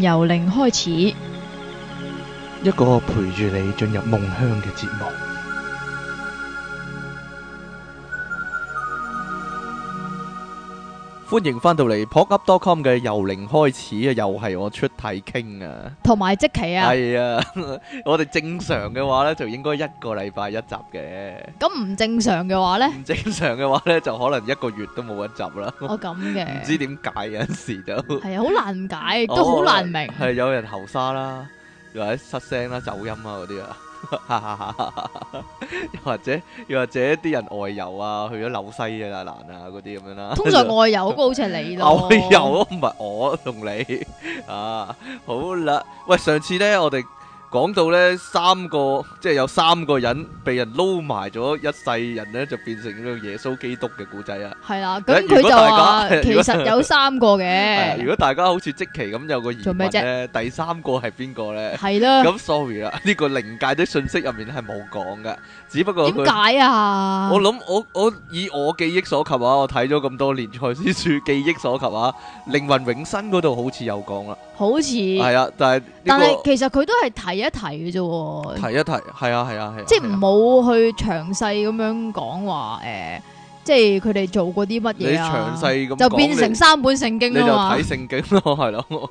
由零開始，一個陪住你進入夢鄉嘅節目。歡迎翻到嚟 pokup.com 嘅由零開始啊，又係我出題傾啊，同埋即期啊，係啊，我哋正常嘅話咧，就應該一個禮拜一集嘅。咁唔正常嘅話咧？唔正常嘅話咧，就可能一個月都冇一集啦。哦咁嘅，唔知點解有陣時就係啊，好難解，都好難明。係有人喉沙啦，又或者失聲啦、走音啊嗰啲啊。哈哈哈！又 或者，又或者啲人外遊啊，去咗紐西阿啊、蘭啊嗰啲咁樣啦。通常外遊嗰個好似係你咯 外遊、啊。外遊唔係我同、啊、你啊。好啦，喂，上次咧我哋。講到咧，三個即係有三個人被人撈埋咗一世人咧，就變成咁樣，耶穌基督嘅古仔啊！係啦，咁佢就係講其實有三個嘅。如果大家好似積奇咁有個疑問咧，第三個係邊個咧？係啦，咁 sorry 啦，呢個靈界啲信息入面係冇講嘅。只不過佢，點解啊，我諗我我以我記憶所及啊，我睇咗咁多年《賽斯書》，書記憶所及啊，《靈魂永生》嗰度好似有講啦，好似係啊，但係、這個、但係其實佢都係提一提嘅啫，提一提係啊係啊係、啊啊啊呃，即係唔好去詳細咁樣講話誒，即係佢哋做過啲乜嘢啊，就變成三本聖經啦，你就睇聖經咯，係咯。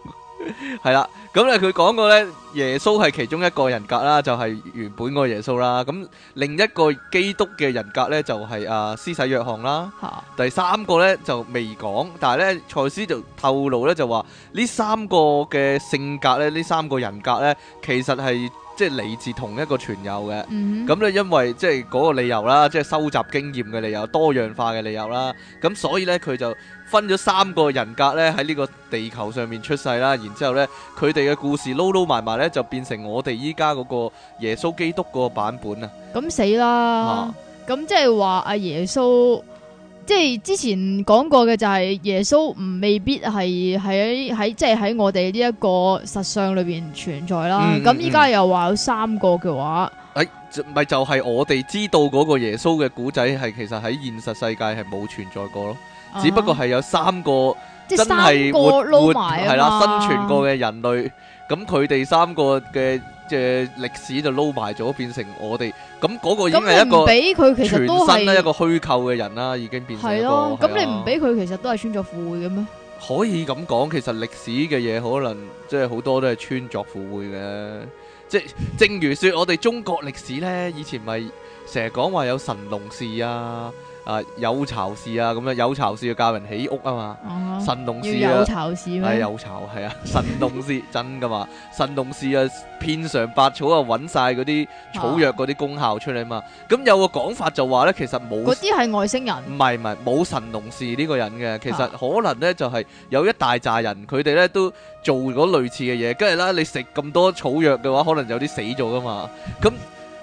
係啦，咁咧佢講過咧，耶穌係其中一個人格啦，就係、是、原本個耶穌啦。咁另一個基督嘅人格咧、就是，就係啊施洗約翰啦。吓，第三個咧就未講，但係咧賽斯就透露咧就話呢三個嘅性格咧，呢三個人格咧，其實係。即係嚟自同一個存有嘅，咁咧、mm hmm. 因為即係嗰個理由啦，即係收集經驗嘅理由、多樣化嘅理由啦，咁所以呢，佢就分咗三個人格呢喺呢個地球上面出世啦，然之後呢，佢哋嘅故事撈撈埋埋呢，就變成我哋依家嗰個耶穌基督嗰個版本啊！咁死啦！咁即係話阿耶穌。即係之前講過嘅就係耶穌唔未必係喺喺即係喺我哋呢一個實相裏邊存在啦，咁依家又話有三個嘅話，誒、嗯，咪、嗯哎、就係、是、我哋知道嗰個耶穌嘅古仔係其實喺現實世界係冇存在過咯，只不過係有三個、啊、即係活活係啦生存過嘅人類，咁佢哋三個嘅。即、呃、歷史就撈埋咗，變成我哋咁嗰個已經係一個全新啦，一個虛構嘅人啦，已經變成。係咯，咁你唔俾佢其實都係穿鑿附會嘅咩？可以咁講，其實歷史嘅嘢可能即係好多都係穿鑿附會嘅。即係正如説，我哋中國歷史呢，以前咪成日講話有神農氏啊。啊有巢氏啊咁，啊有巢氏就教人起屋啊嘛。啊神農氏、啊、有巢氏、哎、有巢係啊神農氏 真噶嘛神農氏啊遍嘗百草啊揾晒嗰啲草藥嗰啲功效出嚟嘛。咁、啊、有個講法就話咧其實冇嗰啲係外星人唔係唔係冇神農氏呢個人嘅，其實可能咧就係、是、有一大扎人佢哋咧都做過類似嘅嘢。跟住啦你食咁多草藥嘅話可能有啲死咗噶嘛咁。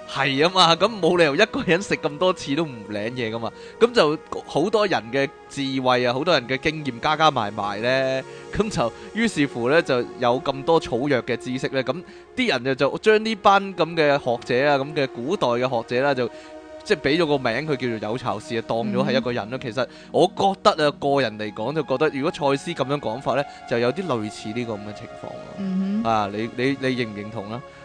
係 啊嘛，咁冇理由一個人食咁多次都唔領嘢噶嘛，咁就好多人嘅智慧啊，好多人嘅經驗加加埋埋呢。咁就於是乎呢，就有咁多草藥嘅知識呢。咁啲人就就將呢班咁嘅學者啊，咁嘅古代嘅學者啦，就即係俾咗個名佢叫做有巢氏啊，當咗係一個人咯。嗯、其實我覺得啊，個人嚟講就覺得如果賽斯咁樣講法呢，就有啲類似呢個咁嘅情況、嗯、啊，你你，你，你認唔認同呢？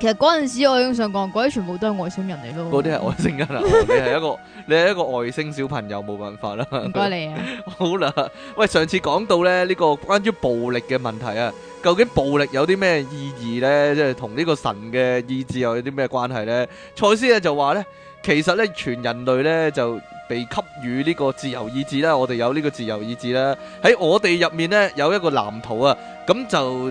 其實嗰陣時我已經想講，嗰啲全部都係外星人嚟咯。嗰啲係外星人啊！你係一個，你係一個外星小朋友，冇辦法啦。唔該你啊。好啦，喂，上次講到咧呢個關於暴力嘅問題啊，究竟暴力有啲咩意義咧？即係同呢個神嘅意志又有啲咩關係咧？賽斯咧就話咧，其實咧全人類咧就被給予呢個自由意志啦，我哋有呢個自由意志啦，喺我哋入面咧有一個藍圖啊，咁就。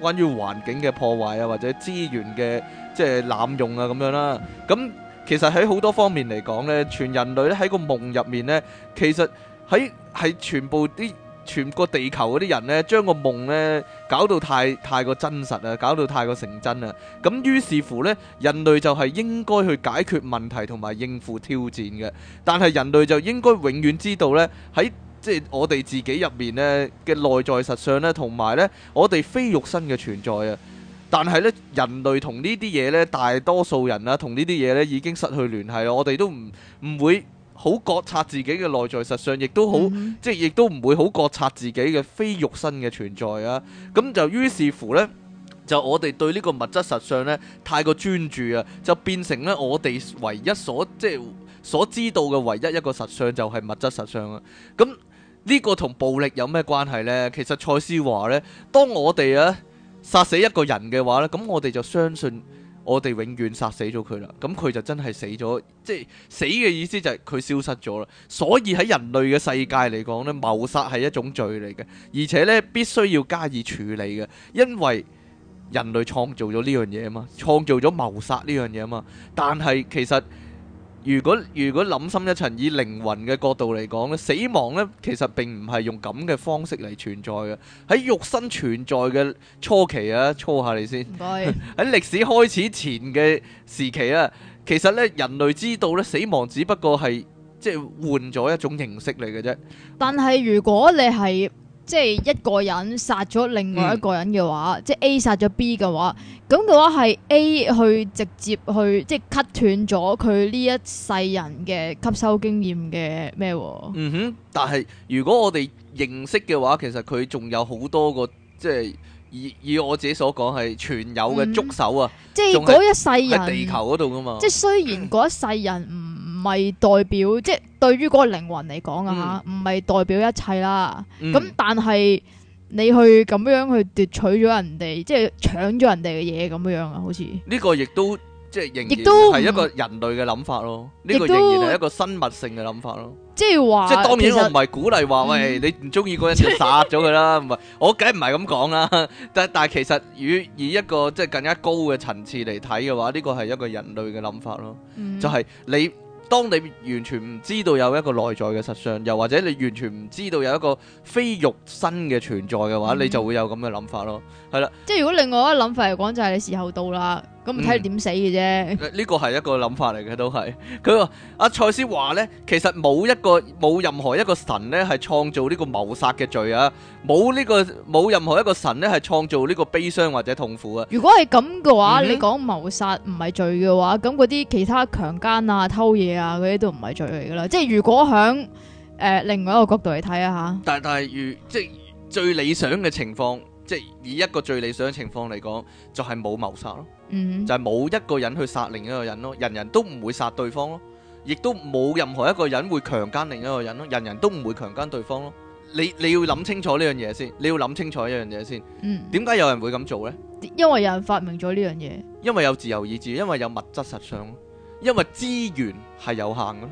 關於環境嘅破壞啊，或者資源嘅即濫用啊，咁樣啦。咁其實喺好多方面嚟講呢，全人類咧喺個夢入面呢，其實喺係全部啲，全個地球嗰啲人呢，將個夢呢搞到太太過真實啊，搞到太過成真啊。咁於是乎呢，人類就係應該去解決問題同埋應付挑戰嘅。但係人類就應該永遠知道呢。喺。即係我哋自己入面呢嘅內在實相呢，同埋呢我哋非肉身嘅存在啊。但係呢，人類同呢啲嘢，呢大多數人啦，同呢啲嘢呢已經失去聯繫。我哋都唔唔會好覺察自己嘅內在實相，亦都好、mm hmm. 即係，亦都唔會好覺察自己嘅非肉身嘅存在啊。咁就於是乎呢，就我哋對呢個物質實相呢太過專注啊，就變成呢我哋唯一所即係所知道嘅唯一一個實相就係物質實相啊。咁呢個同暴力有咩關係呢？其實賽斯話，呢，當我哋啊殺死一個人嘅話呢，咁我哋就相信我哋永遠殺死咗佢啦。咁佢就真係死咗，即係死嘅意思就係佢消失咗啦。所以喺人類嘅世界嚟講呢，謀殺係一種罪嚟嘅，而且呢必須要加以處理嘅，因爲人類創造咗呢樣嘢啊嘛，創造咗謀殺呢樣嘢啊嘛，但係其實。如果如果諗深一層，以靈魂嘅角度嚟講咧，死亡咧其實並唔係用咁嘅方式嚟存在嘅。喺肉身存在嘅初期啊，粗下你先。唔該。喺歷史開始前嘅時期啊，其實咧人類知道咧死亡只不過係即係換咗一種形式嚟嘅啫。但係如果你係。即係一個人殺咗另外一個人嘅話，嗯、即係 A 殺咗 B 嘅話，咁嘅話係 A 去直接去即係 cut 斷咗佢呢一世人嘅吸收經驗嘅咩？嗯哼，但係如果我哋認識嘅話，其實佢仲有好多個即係以以我自己所講係存有嘅觸手啊！嗯、即係嗰一世人喺地球嗰度噶嘛？即係雖然嗰一世人唔。咪代表即係對於嗰個靈魂嚟講啊吓，唔係代表一切啦。咁但係你去咁樣去奪取咗人哋，即係搶咗人哋嘅嘢咁樣啊？好似呢個亦都即係仍然係一個人類嘅諗法咯。呢個仍然係一個生物性嘅諗法咯。即係話，即係當然我唔係鼓勵話喂，你唔中意嗰人就殺咗佢啦。唔係我梗唔係咁講啦。但但係其實以以一個即係更加高嘅層次嚟睇嘅話，呢個係一個人類嘅諗法咯。就係你。當你完全唔知道有一個內在嘅實相，又或者你完全唔知道有一個非肉身嘅存在嘅話，嗯、你就會有咁嘅諗法咯。係啦，即係如果另外一個諗法嚟講，就係你時候到啦。咁咪睇你點死嘅啫。呢個係一個諗法嚟嘅，都係佢話阿賽斯華咧，其實冇一個冇任何一個神咧係創造呢個謀殺嘅罪啊，冇呢、這個冇任何一個神咧係創造呢個悲傷或者痛苦啊。如果係咁嘅話，嗯、哼你講謀殺唔係罪嘅話，咁嗰啲其他強姦啊、偷嘢啊嗰啲都唔係罪嚟噶啦。即係如果響誒、呃、另外一個角度嚟睇啊吓，但係但係如即係最理想嘅情況，即係以一個最理想嘅情況嚟講，就係冇謀殺咯。就係冇一個人去殺另一個人咯，人人都唔會殺對方咯，亦都冇任何一個人會強姦另一個人咯，人人都唔會強姦對方咯。你你要諗清楚呢樣嘢先，你要諗清楚呢樣嘢先。嗯，點解有人會咁做呢？因為有人發明咗呢樣嘢，因為有自由意志，因為有物質實相咯，因為資源係有限嘅咯。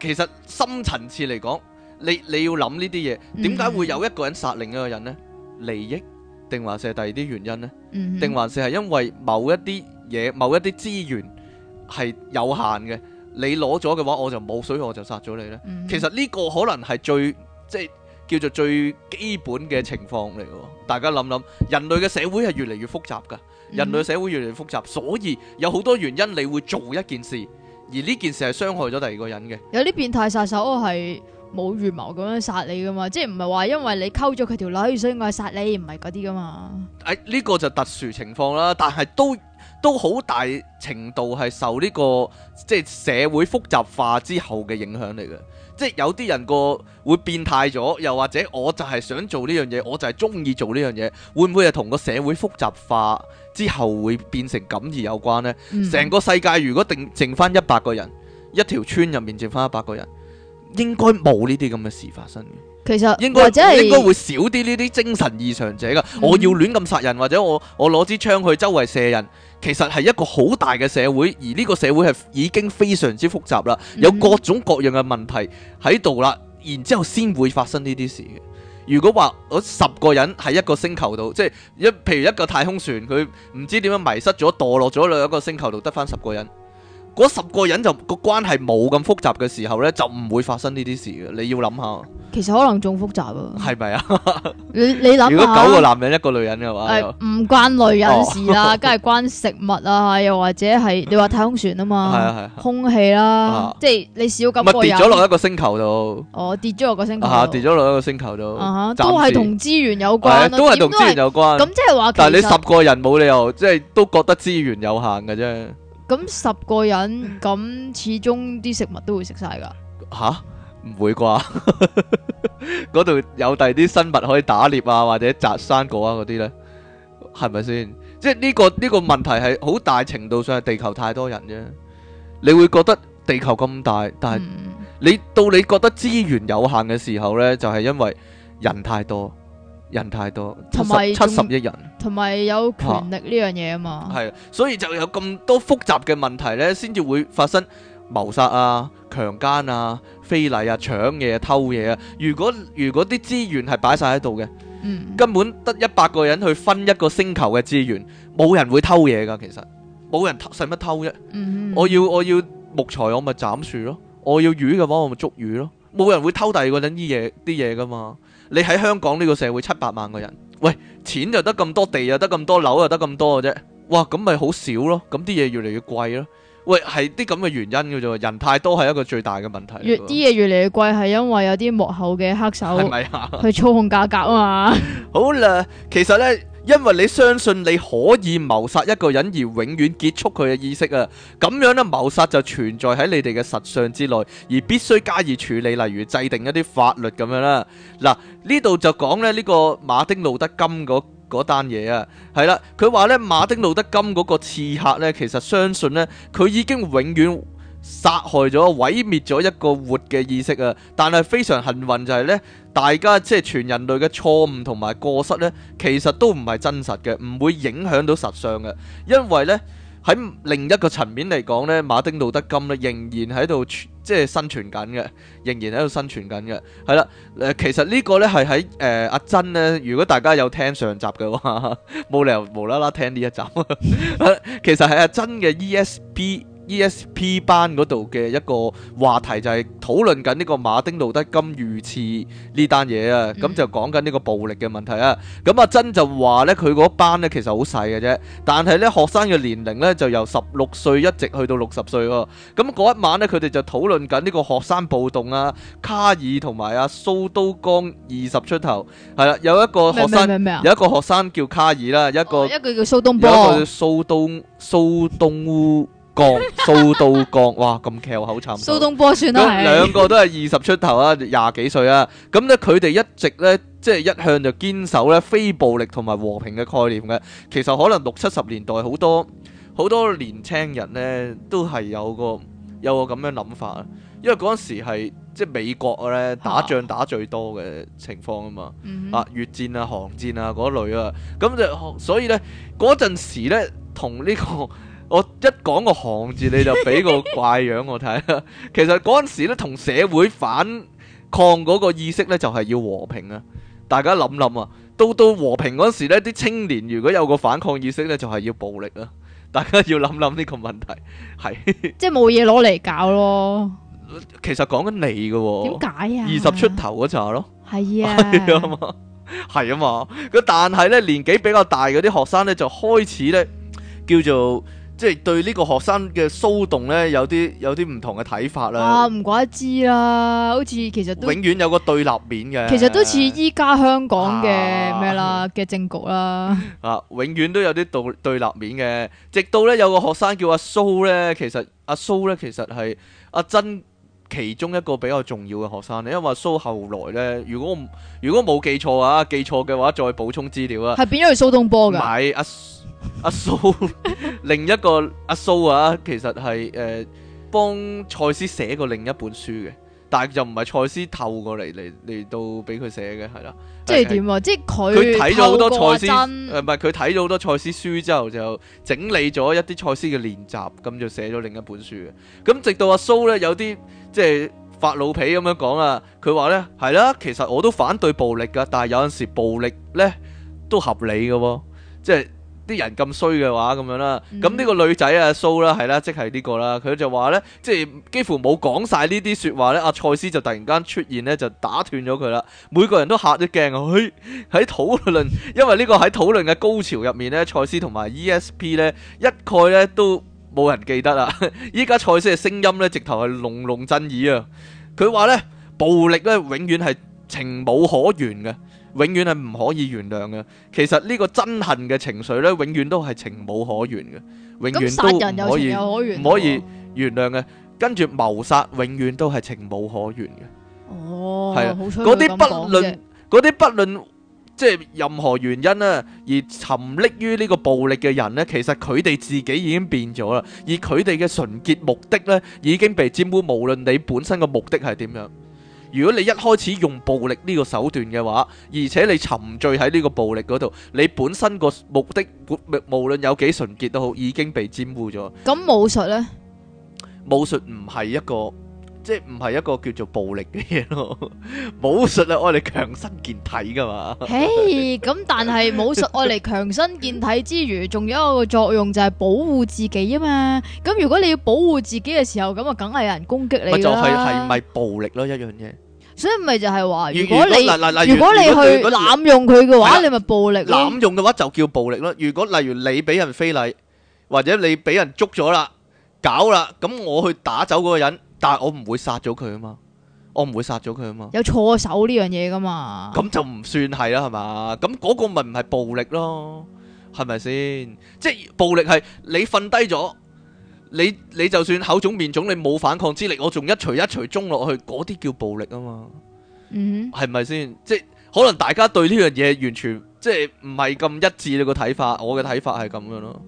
其實深層次嚟講，你你要諗呢啲嘢，點解會有一個人殺另一個人呢？利益。定還是係第二啲原因呢？定還是係因為某一啲嘢、某一啲資源係有限嘅？你攞咗嘅話，我就冇，所以我就殺咗你呢。其實呢個可能係最即係叫做最基本嘅情況嚟嘅。大家諗諗，人類嘅社會係越嚟越複雜噶，人類社會越嚟越複雜，所以有好多原因你會做一件事，而呢件事係傷害咗第二個人嘅。有啲變態殺手係。冇預謀咁樣殺你噶嘛？即係唔係話因為你溝咗佢條女，所以我係殺你，唔係嗰啲噶嘛？誒呢、哎這個就特殊情況啦，但係都都好大程度係受呢、這個即係社會複雜化之後嘅影響嚟嘅。即係有啲人個會變態咗，又或者我就係想做呢樣嘢，我就係中意做呢樣嘢，會唔會係同個社會複雜化之後會變成咁而有關呢？成、嗯、哼個世界如果定剩翻一百個人，一條村入面剩翻一百個人。應該冇呢啲咁嘅事發生嘅，其實應該或者係應該會少啲呢啲精神異常者噶。嗯、我要亂咁殺人，或者我我攞支槍去周圍射人，其實係一個好大嘅社會，而呢個社會係已經非常之複雜啦，有各種各樣嘅問題喺度啦，然之後先會發生呢啲事嘅。如果話嗰十個人喺一個星球度，即係一，譬如一個太空船，佢唔知點樣迷失咗，墮落咗另一個星球度，得翻十個人。嗰十個人就個關係冇咁複雜嘅時候咧，就唔會發生呢啲事嘅。你要諗下，其實可能仲複雜啊，係咪啊？你你諗，如果九個男人一個女人嘅話，唔關女人事啦，梗係關食物啊，又或者係你話太空船啊嘛，係啊係，空氣啦，即係你少咁。跌咗落一個星球度？哦，跌咗落個星球，跌咗落一個星球度，都係同資源有關，都係同資源有關。咁即係話，但係你十個人冇理由，即係都覺得資源有限嘅啫。咁十個人咁，始終啲食物都會食晒噶吓，唔、啊、會啩？嗰 度有第二啲生物可以打獵啊，或者摘生果啊嗰啲呢？係咪先？即係、這、呢個呢、這個問題係好大程度上係地球太多人啫。你會覺得地球咁大，但係你、嗯、到你覺得資源有限嘅時候呢，就係、是、因為人太多。人太多，七十七十億人，同埋有權力呢樣嘢啊嘛，係、啊，所以就有咁多複雜嘅問題呢，先至會發生謀殺啊、強姦啊、非禮啊、搶嘢、啊、偷嘢啊。如果如果啲資源係擺晒喺度嘅，嗯、根本得一百個人去分一個星球嘅資源，冇人會偷嘢噶，其實冇人使乜偷啫。偷嗯、哼我要我要木材，我咪斬樹咯；我要魚嘅話，我咪捉魚咯。冇人會偷第二個人啲嘢啲嘢噶嘛。你喺香港呢個社會七百萬個人，喂，錢就得咁多，地又得咁多，樓又得咁多嘅啫，哇，咁咪好少咯，咁啲嘢越嚟越貴咯。喂，係啲咁嘅原因嘅啫，人太多係一個最大嘅問題。越啲嘢越嚟越貴，係因為有啲幕後嘅黑手，係咪啊？去操控價格啊嘛。好啦，其實呢，因為你相信你可以謀殺一個人而永遠結束佢嘅意識啊，咁樣呢，謀殺就存在喺你哋嘅實相之內，而必須加以處理，例如制定一啲法律咁樣啦，啊。嗱，呢度就講呢，呢，呢個馬丁路德金嘅。嗰單嘢啊，係啦，佢話呢， 嗯、馬丁路德金嗰個刺客呢，其實相信呢，佢已經永遠殺害咗、毀滅咗一個活嘅意識啊！但係非常幸運就係呢，大家即係全人類嘅錯誤同埋過失呢，其實都唔係真實嘅，唔會影響到實相嘅，因為呢，喺另一個層面嚟講呢，馬丁路德金呢，仍然喺度。即係生存緊嘅，仍然喺度生存緊嘅，係啦。誒，其實呢個咧係喺誒阿珍咧。如果大家有聽上集嘅話，冇理由無啦啦聽呢一集。其實係阿珍嘅 ESB。ESP 班嗰度嘅一個話題就係、是、討論緊呢個馬丁路德金遇刺呢單嘢啊，咁、嗯、就講緊呢個暴力嘅問題啊。咁、嗯、阿珍就話呢，佢嗰班呢其實好細嘅啫，但係呢學生嘅年齡呢，就由十六歲一直去到六十歲喎。咁、那、嗰、個、一晚呢，佢哋就討論緊呢個學生暴動啊。卡爾同埋阿蘇都江二十出頭，係、啊、啦，有一個學生，麼有一個學生叫卡爾啦，哦、一個一個叫蘇東波，有一個叫蘇東蘇東烏。江蘇到江，哇咁巧口差唔多。蘇東坡算啦，咁兩個都係二十出頭啊，廿幾歲啊。咁咧佢哋一直咧，即係一向就堅守咧非暴力同埋和平嘅概念嘅。其實可能六七十年代好多好多年青人咧，都係有個有個咁樣諗法，因為嗰陣時係即係美國咧打仗打最多嘅情況啊嘛。嗯、哼啊，越戰，戰啊、韓戰啊嗰類啊，咁就所以咧嗰陣時咧同呢個。我一講個行字你就俾個怪樣我睇啊！其實嗰陣時咧，同社會反抗嗰個意識咧，就係要和平啊！大家諗諗啊，到到和平嗰陣時咧，啲青年如果有個反抗意識咧，就係要暴力啊！大家要諗諗呢個問題，係即係冇嘢攞嚟搞咯。其實講緊你嘅，點解啊？二十出頭嗰陣咯，係啊，係啊嘛，係啊嘛。咁但係咧年紀比較大嗰啲學生咧，就開始咧叫做。即係對呢個學生嘅騷動咧，有啲有啲唔同嘅睇法啦。啊，唔怪得之啦，好似其實都永遠有個對立面嘅。其實都似依家香港嘅咩、啊、啦嘅政局啦。啊，永遠都有啲對對立面嘅。直到咧有個學生叫阿蘇咧，其實阿蘇咧其實係阿珍，其中一個比較重要嘅學生咧，因為阿蘇後來咧，如果如果冇記錯啊，記錯嘅話再補充資料啊。係變咗位蘇東坡嘅，唔係阿蘇阿蘇。 另一個阿蘇啊，其實係誒、呃、幫賽斯寫過另一本書嘅，但係就唔係賽斯透過嚟嚟嚟到俾佢寫嘅，係啦。即係點啊？即係佢睇咗好多賽斯，唔係佢睇咗好多賽斯書之後就整理咗一啲賽斯嘅練習，咁就寫咗另一本書嘅。咁直到阿蘇咧有啲即係發老脾咁樣講啊，佢話咧係啦，其實我都反對暴力㗎，但係有陣時暴力咧都合理嘅喎，即係。啲人咁衰嘅話咁樣啦，咁呢個女仔阿、mm hmm. 啊、蘇啦，係啦，即係呢個啦，佢就話呢，即係幾乎冇講晒呢啲説話呢，阿賽斯就突然間出現呢就打斷咗佢啦，每個人都嚇咗驚啊！喺、哎、討論，因為呢個喺討論嘅高潮入面呢賽斯同埋 ESP 呢，一概呢都冇人記得啦，依家賽斯嘅聲音呢，直頭係隆隆震耳啊！佢話呢，暴力呢永遠係情無可原嘅。永遠係唔可以原諒嘅。其實呢個憎恨嘅情緒咧，永遠都係情無可原嘅，永遠都唔可以唔可以原諒嘅。跟住謀殺永遠都係情無可原嘅。哦，係啊，嗰啲不論嗰啲不論即係任何原因啊，而沉溺於呢個暴力嘅人咧，其實佢哋自己已經變咗啦，而佢哋嘅純潔目的咧，已經被沾污。無論你本身嘅目的係點樣。如果你一開始用暴力呢個手段嘅話，而且你沉醉喺呢個暴力嗰度，你本身個目的無論有幾純潔都好，已經被沾污咗。咁武術呢？武術唔係一個即係唔係一個叫做暴力嘅嘢咯。武術啊，愛嚟強身健體㗎嘛。嘿，咁但係武術愛嚟強身健體之餘，仲 有一個作用就係保護自己啊嘛。咁如果你要保護自己嘅時候，咁啊梗係有人攻擊你。就係，係咪暴力咯，一樣嘢。所以咪就係話，如果你如果你去濫用佢嘅話，你咪暴力。濫用嘅話就叫暴力咯。如果例如你俾人非禮，或者你俾人捉咗啦、搞啦，咁我去打走嗰個人，但係我唔會殺咗佢啊嘛，我唔會殺咗佢啊嘛。有錯手呢樣嘢噶嘛？咁就唔算係啦，係嘛？咁嗰個咪唔係暴力咯？係咪先？即係暴力係你瞓低咗。你你就算口腫面腫，你冇反抗之力，我仲一錘一錘中落去，嗰啲叫暴力啊嘛。嗯、mm，係咪先？即係可能大家對呢樣嘢完全即係唔係咁一致你個睇法，我嘅睇法係咁樣咯，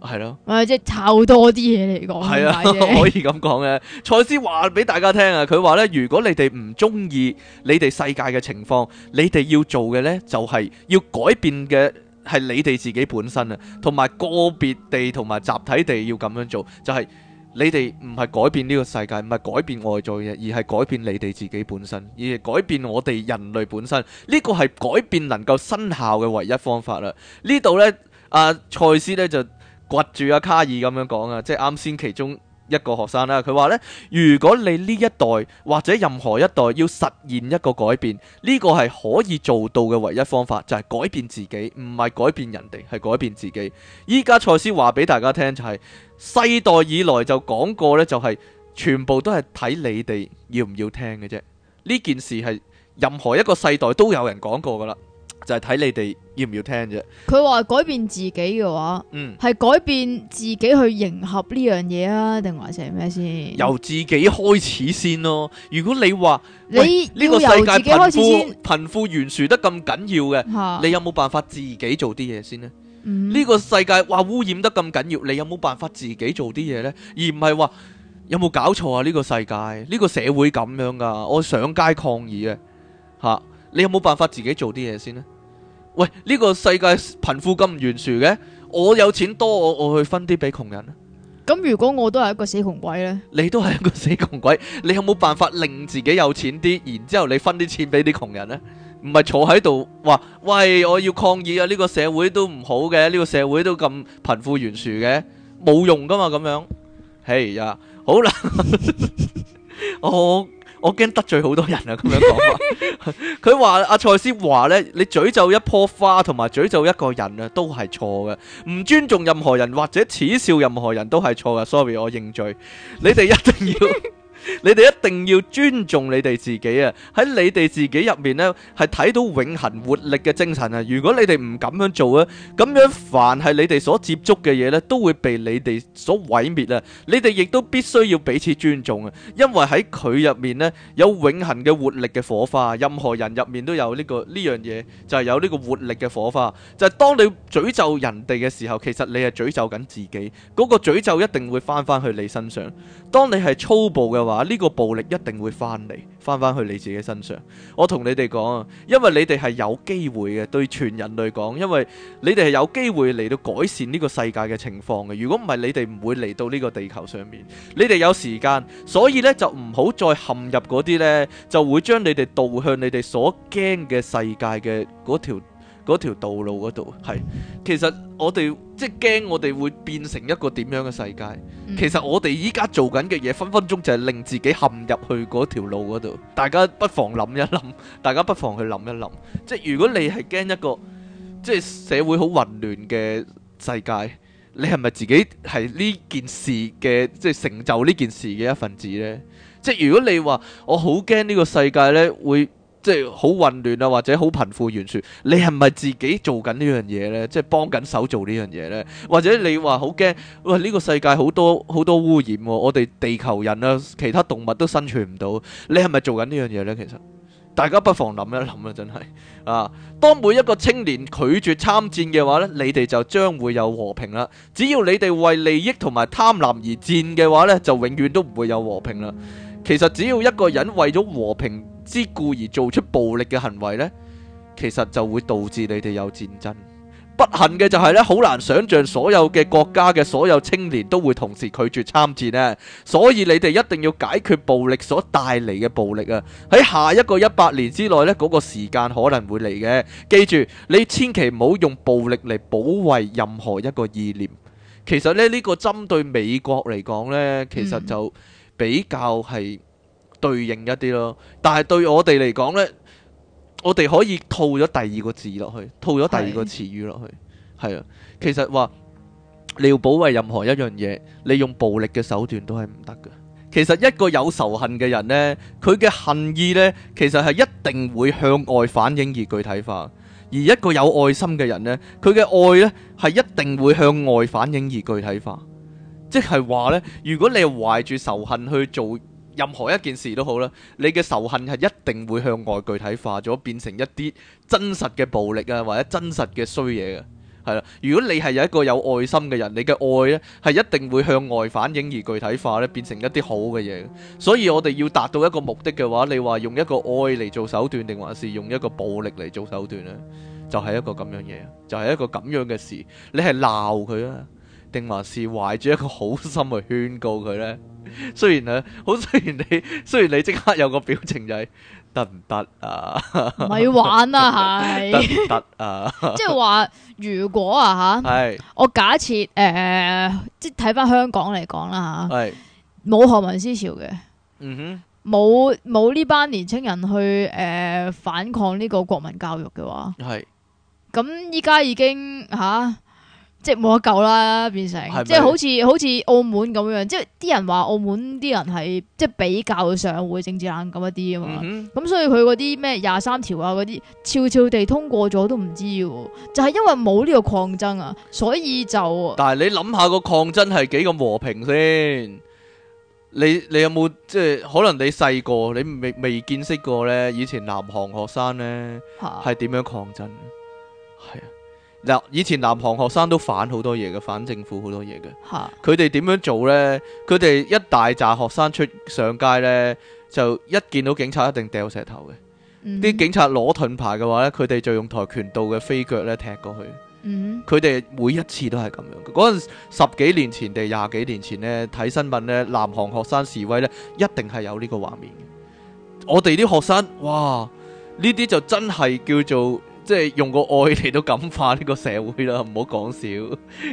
係咯，即係抄多啲嘢嚟講，係啊，可以咁講嘅。賽斯話俾大家聽啊，佢話呢：「如果你哋唔中意你哋世界嘅情況，你哋要做嘅呢，就係、是、要改變嘅。係你哋自己本身啊，同埋個別地同埋集體地要咁樣做，就係、是、你哋唔係改變呢個世界，唔係改變外在嘅，而係改變你哋自己本身，而係改變我哋人類本身。呢個係改變能夠生效嘅唯一方法啦。呢度呢，阿賽斯呢就掘住阿卡爾咁樣講啊，即係啱先其中。一個學生啦，佢話呢：「如果你呢一代或者任何一代要實現一個改變，呢、這個係可以做到嘅唯一方法，就係、是、改變自己，唔係改變人哋，係改變自己。依家賽斯話俾大家聽就係、是：世代以來就講過呢、就是，就係全部都係睇你哋要唔要聽嘅啫。呢件事係任何一個世代都有人講過噶啦。就係睇你哋要唔要聽啫。佢話改變自己嘅話，嗯，係改變自己去迎合呢樣嘢啊，定還是咩先？由自己開始先咯。如果你話你呢要、喂、這個世界貧富貧富懸殊得咁緊要嘅，你有冇辦法自己做啲嘢先呢？呢、嗯、個世界話污染得咁緊要，你有冇辦法自己做啲嘢呢？而唔係話有冇搞錯啊？呢、這個世界呢、這個社會咁樣噶、啊，我上街抗議啊吓、啊，你有冇辦法自己做啲嘢先呢？喂，呢、這個世界貧富咁懸殊嘅，我有錢多，我我去分啲俾窮人。咁如果我都係一個死窮鬼呢？你都係一個死窮鬼，你有冇辦法令自己有錢啲，然之後你分啲錢俾啲窮人呢？唔係坐喺度話，喂，我要抗議啊！呢、這個社會都唔好嘅，呢、這個社會都咁貧富懸殊嘅，冇用噶嘛咁樣。嘿呀，好啦，我。 oh, 我驚得罪好多人啊！咁樣講 啊，佢話阿賽斯話呢：「你詛咒一樖花同埋詛咒一個人啊，都係錯嘅，唔尊重任何人或者恥笑任何人都係錯嘅。Sorry，我認罪，你哋一定要。 你哋一定要尊重你哋自己啊！喺你哋自己入面咧，係睇到永恒活力嘅精神啊！如果你哋唔咁樣做啊，咁樣凡係你哋所接觸嘅嘢咧，都會被你哋所毀滅啊！你哋亦都必須要彼此尊重啊！因為喺佢入面咧，有永恒嘅活力嘅火花。任何人入面都有呢個呢樣嘢，就係有呢個活力嘅火花。就係當你詛咒人哋嘅時候，其實你係詛咒緊自己。嗰個詛咒一定會翻返去你身上。當你係粗暴嘅話，啊！呢個暴力一定會返嚟，返返去你自己身上。我同你哋講啊，因為你哋係有機會嘅，對全人類講，因為你哋係有機會嚟到改善呢個世界嘅情況嘅。如果唔係，你哋唔會嚟到呢個地球上面。你哋有時間，所以咧就唔好再陷入嗰啲咧，就會將你哋導向你哋所驚嘅世界嘅嗰條。嗰條道路嗰度，係其實我哋即係驚，我哋會變成一個點樣嘅世界？嗯、其實我哋依家做緊嘅嘢，分分鐘就係令自己陷入去嗰條路嗰度。大家不妨諗一諗，大家不妨去諗一諗。即係如果你係驚一個即係社會好混亂嘅世界，你係咪自己係呢件事嘅即係成就呢件事嘅一份子呢？即係如果你話我好驚呢個世界呢，會。即係好混亂啊，或者好貧富懸殊。你係咪自己做緊呢樣嘢呢？即係幫緊手做呢樣嘢呢？或者你話好驚，喂，呢個世界好多好多污染喎，我哋地球人啊，其他動物都生存唔到。你係咪做緊呢樣嘢呢？其實大家不妨諗一諗啊，真係啊。當每一個青年拒絕參戰嘅話呢，你哋就將會有和平啦。只要你哋為利益同埋貪婪而戰嘅話呢，就永遠都唔會有和平啦。其實只要一個人為咗和平。之故而做出暴力嘅行為咧，其實就會導致你哋有戰爭。不幸嘅就係咧，好難想象所有嘅國家嘅所有青年都會同時拒絕參戰啊！所以你哋一定要解決暴力所帶嚟嘅暴力啊！喺下一個一百年之內咧，嗰個時間可能會嚟嘅。記住，你千祈唔好用暴力嚟保衞任何一個意念。其實咧，呢個針對美國嚟講咧，其實就比較係。對應一啲咯，但係對我哋嚟講呢，我哋可以套咗第二個字落去，套咗第二個詞語落去，係啊。其實話你要保衛任何一樣嘢，你用暴力嘅手段都係唔得嘅。其實一個有仇恨嘅人呢，佢嘅恨意呢，其實係一定會向外反映而具體化；而一個有愛心嘅人呢，佢嘅愛呢，係一定會向外反映而具體化。即係話呢，如果你係懷住仇恨去做。任何一件事都好啦，你嘅仇恨係一定會向外具體化咗，變成一啲真實嘅暴力啊，或者真實嘅衰嘢嘅，係啦。如果你係有一個有愛心嘅人，你嘅愛咧係一定會向外反映而具體化咧，變成一啲好嘅嘢。所以我哋要達到一個目的嘅話，你話用一個愛嚟做手段，定還是用一個暴力嚟做手段咧，就係一個咁樣嘢，就係一個咁樣嘅事。你係鬧佢啊，正還是懷住一個好心去勸告佢咧？雖然咧，好雖然你雖然你即刻有個表情就係得唔得啊？咪 玩 得唔得啊，係 得啊？即係話如果啊吓，我假設誒、呃，即係睇翻香港嚟講啦吓，係冇學民思潮嘅，嗯哼，冇冇呢班年青人去誒、呃、反抗呢個國民教育嘅話，係咁依家已經吓。啊即係冇得救啦，變成是是即係好似好似澳門咁樣，即係啲人話澳門啲人係即係比較上會政治冷感一啲啊嘛，咁、嗯、哼所以佢嗰啲咩廿三條啊嗰啲悄悄地通過咗都唔知，就係、是、因為冇呢個抗爭啊，所以就但係你諗下個抗爭係幾咁和平先？你你有冇即係可能你細個你未未見識過呢以前南韓學生呢，係點樣抗爭？係啊。嗱，以前南韓學生都反好多嘢嘅，反政府好多嘢嘅。嚇哈！佢哋點樣做呢？佢哋一大紮學生出上街呢，就一見到警察一定掉石頭嘅。啲、嗯、警察攞盾牌嘅話呢，佢哋就用跆拳道嘅飛腳咧踢過去。佢哋、嗯、每一次都係咁樣。嗰陣十幾年前定廿幾年前呢，睇新聞呢，南韓學生示威呢，一定係有呢個畫面。我哋啲學生，哇！呢啲就真係叫做～即係用個愛嚟到感化呢個社會啦，唔好講笑，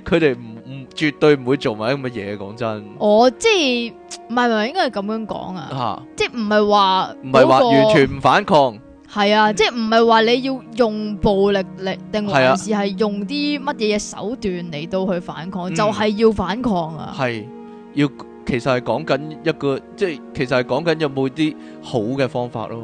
佢哋唔唔絕對唔會做埋啲咁嘅嘢，講真。我即係唔係唔係應該係咁樣講啊？吓、啊，即係唔係話唔係話完全唔反抗。係啊，即係唔係話你要用暴力嚟，定還是係用啲乜嘢嘅手段嚟到去反抗？啊、就係要反抗啊！係、嗯、要，其實係講緊一個，即係其實係講緊有冇啲好嘅方法咯。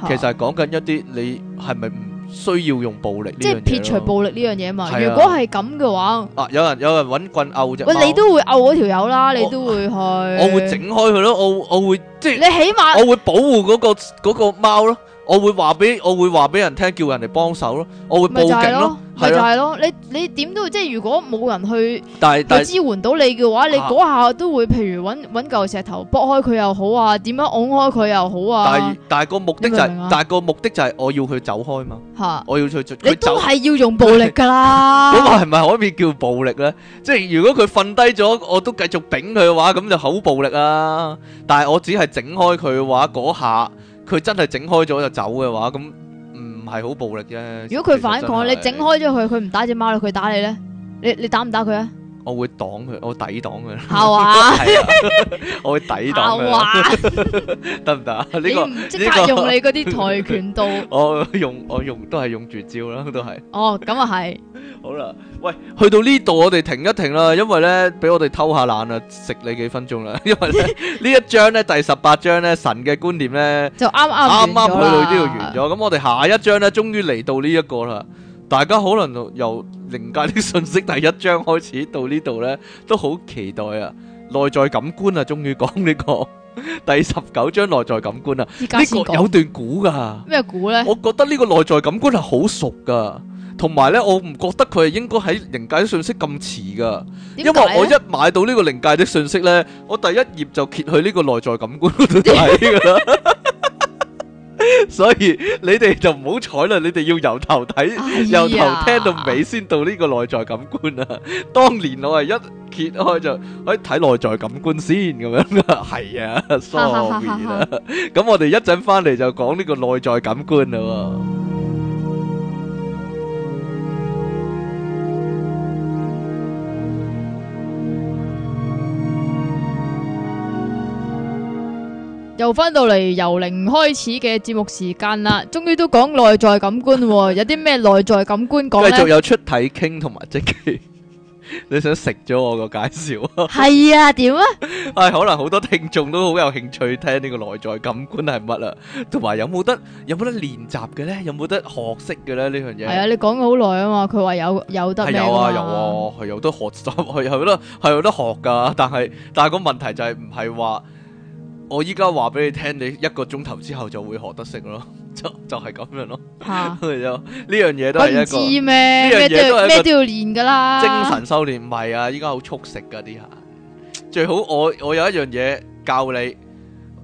啊、其實係講緊一啲你係咪唔？需要用暴力，即係撇除暴力呢樣嘢嘛？是的 如果係咁嘅話，啊，有人有人搵棍毆啫。喂，你都會毆嗰條友啦，我你都會去我會我。我會整開佢咯，我我會即係。你起碼我會保護嗰個嗰個貓咯。我會話俾我會話俾人聽，叫人嚟幫手咯，我會報警咯，咪就係咯，你你點都即係如果冇人去，但係支援到你嘅話，你嗰下都會，譬如搵搵嚿石頭撥開佢又好啊，點樣㧬開佢又好啊。但係但係個目的就係，但係個目的就係我要佢走開嘛。吓，我要佢。你都係要用暴力噶啦。嗰個係咪可以叫暴力咧？即係如果佢瞓低咗，我都繼續抦佢嘅話，咁就好暴力啦。但係我只係整開佢嘅話，嗰下。佢真係整開咗就走嘅話，咁唔係好暴力啫。如果佢反抗，你整開咗佢，佢唔打隻貓啦，佢打你呢？你，你打唔打佢？我會擋佢，我抵擋佢。係嘛？我會抵擋佢。得唔得？你唔即刻、這個、用你嗰啲跆拳道 我。我用我用都係用絕招啦，都係。都哦，咁啊係。好啦，喂，去到呢度我哋停一停啦，因為咧俾我哋偷下懶啊，食你幾分鐘啦。因為呢，懶懶因為呢一章咧，第十八章咧，神嘅觀念咧， 就啱啱啱啱去到呢度完咗。咁我哋下一章咧，終於嚟到呢一個啦。大家可能由靈界的信息第一章開始到呢度呢，都好期待啊！內在感官啊，終於講呢個第十九章內在感官啦。呢個有段古噶。咩古呢？我覺得呢個內在感官係好熟噶，同埋呢，我唔覺得佢係應該喺靈界的信息咁遲噶。為因為我一買到呢個靈界的信息呢，我第一頁就揭去呢個內在感官度睇噶。 所以你哋就唔好彩啦，你哋要由頭睇，哎、呀由頭聽到尾先到呢個內在感官啊！當年我係一揭開就可以睇內在感官先咁樣，係 啊，sorry 啦。咁 我哋一陣翻嚟就講呢個內在感官啦，啊。又翻到嚟由零開始嘅節目時間啦，終於都講內在感官喎，有啲咩內在感官講咧？繼續有出體傾同埋積極，你想食咗我個介紹啊？係啊，點啊？係可能好多聽眾都好有興趣聽呢個內在感官係乜啦，同埋有冇得有冇得練習嘅咧？有冇得學識嘅咧？呢樣嘢係啊，你講咗好耐啊嘛，佢話有有得，係有啊有啊，係有得學習，係係有得係有得學噶，但係但係個問題就係唔係話。我依家話俾你聽，你一個鐘頭之後就會學得識咯，就就係咁樣咯。就呢、是、樣嘢、啊、 都係一個，呢咩都要練噶啦。精神修煉唔係啊，依家好速食噶啲吓。最好我我有一樣嘢教你，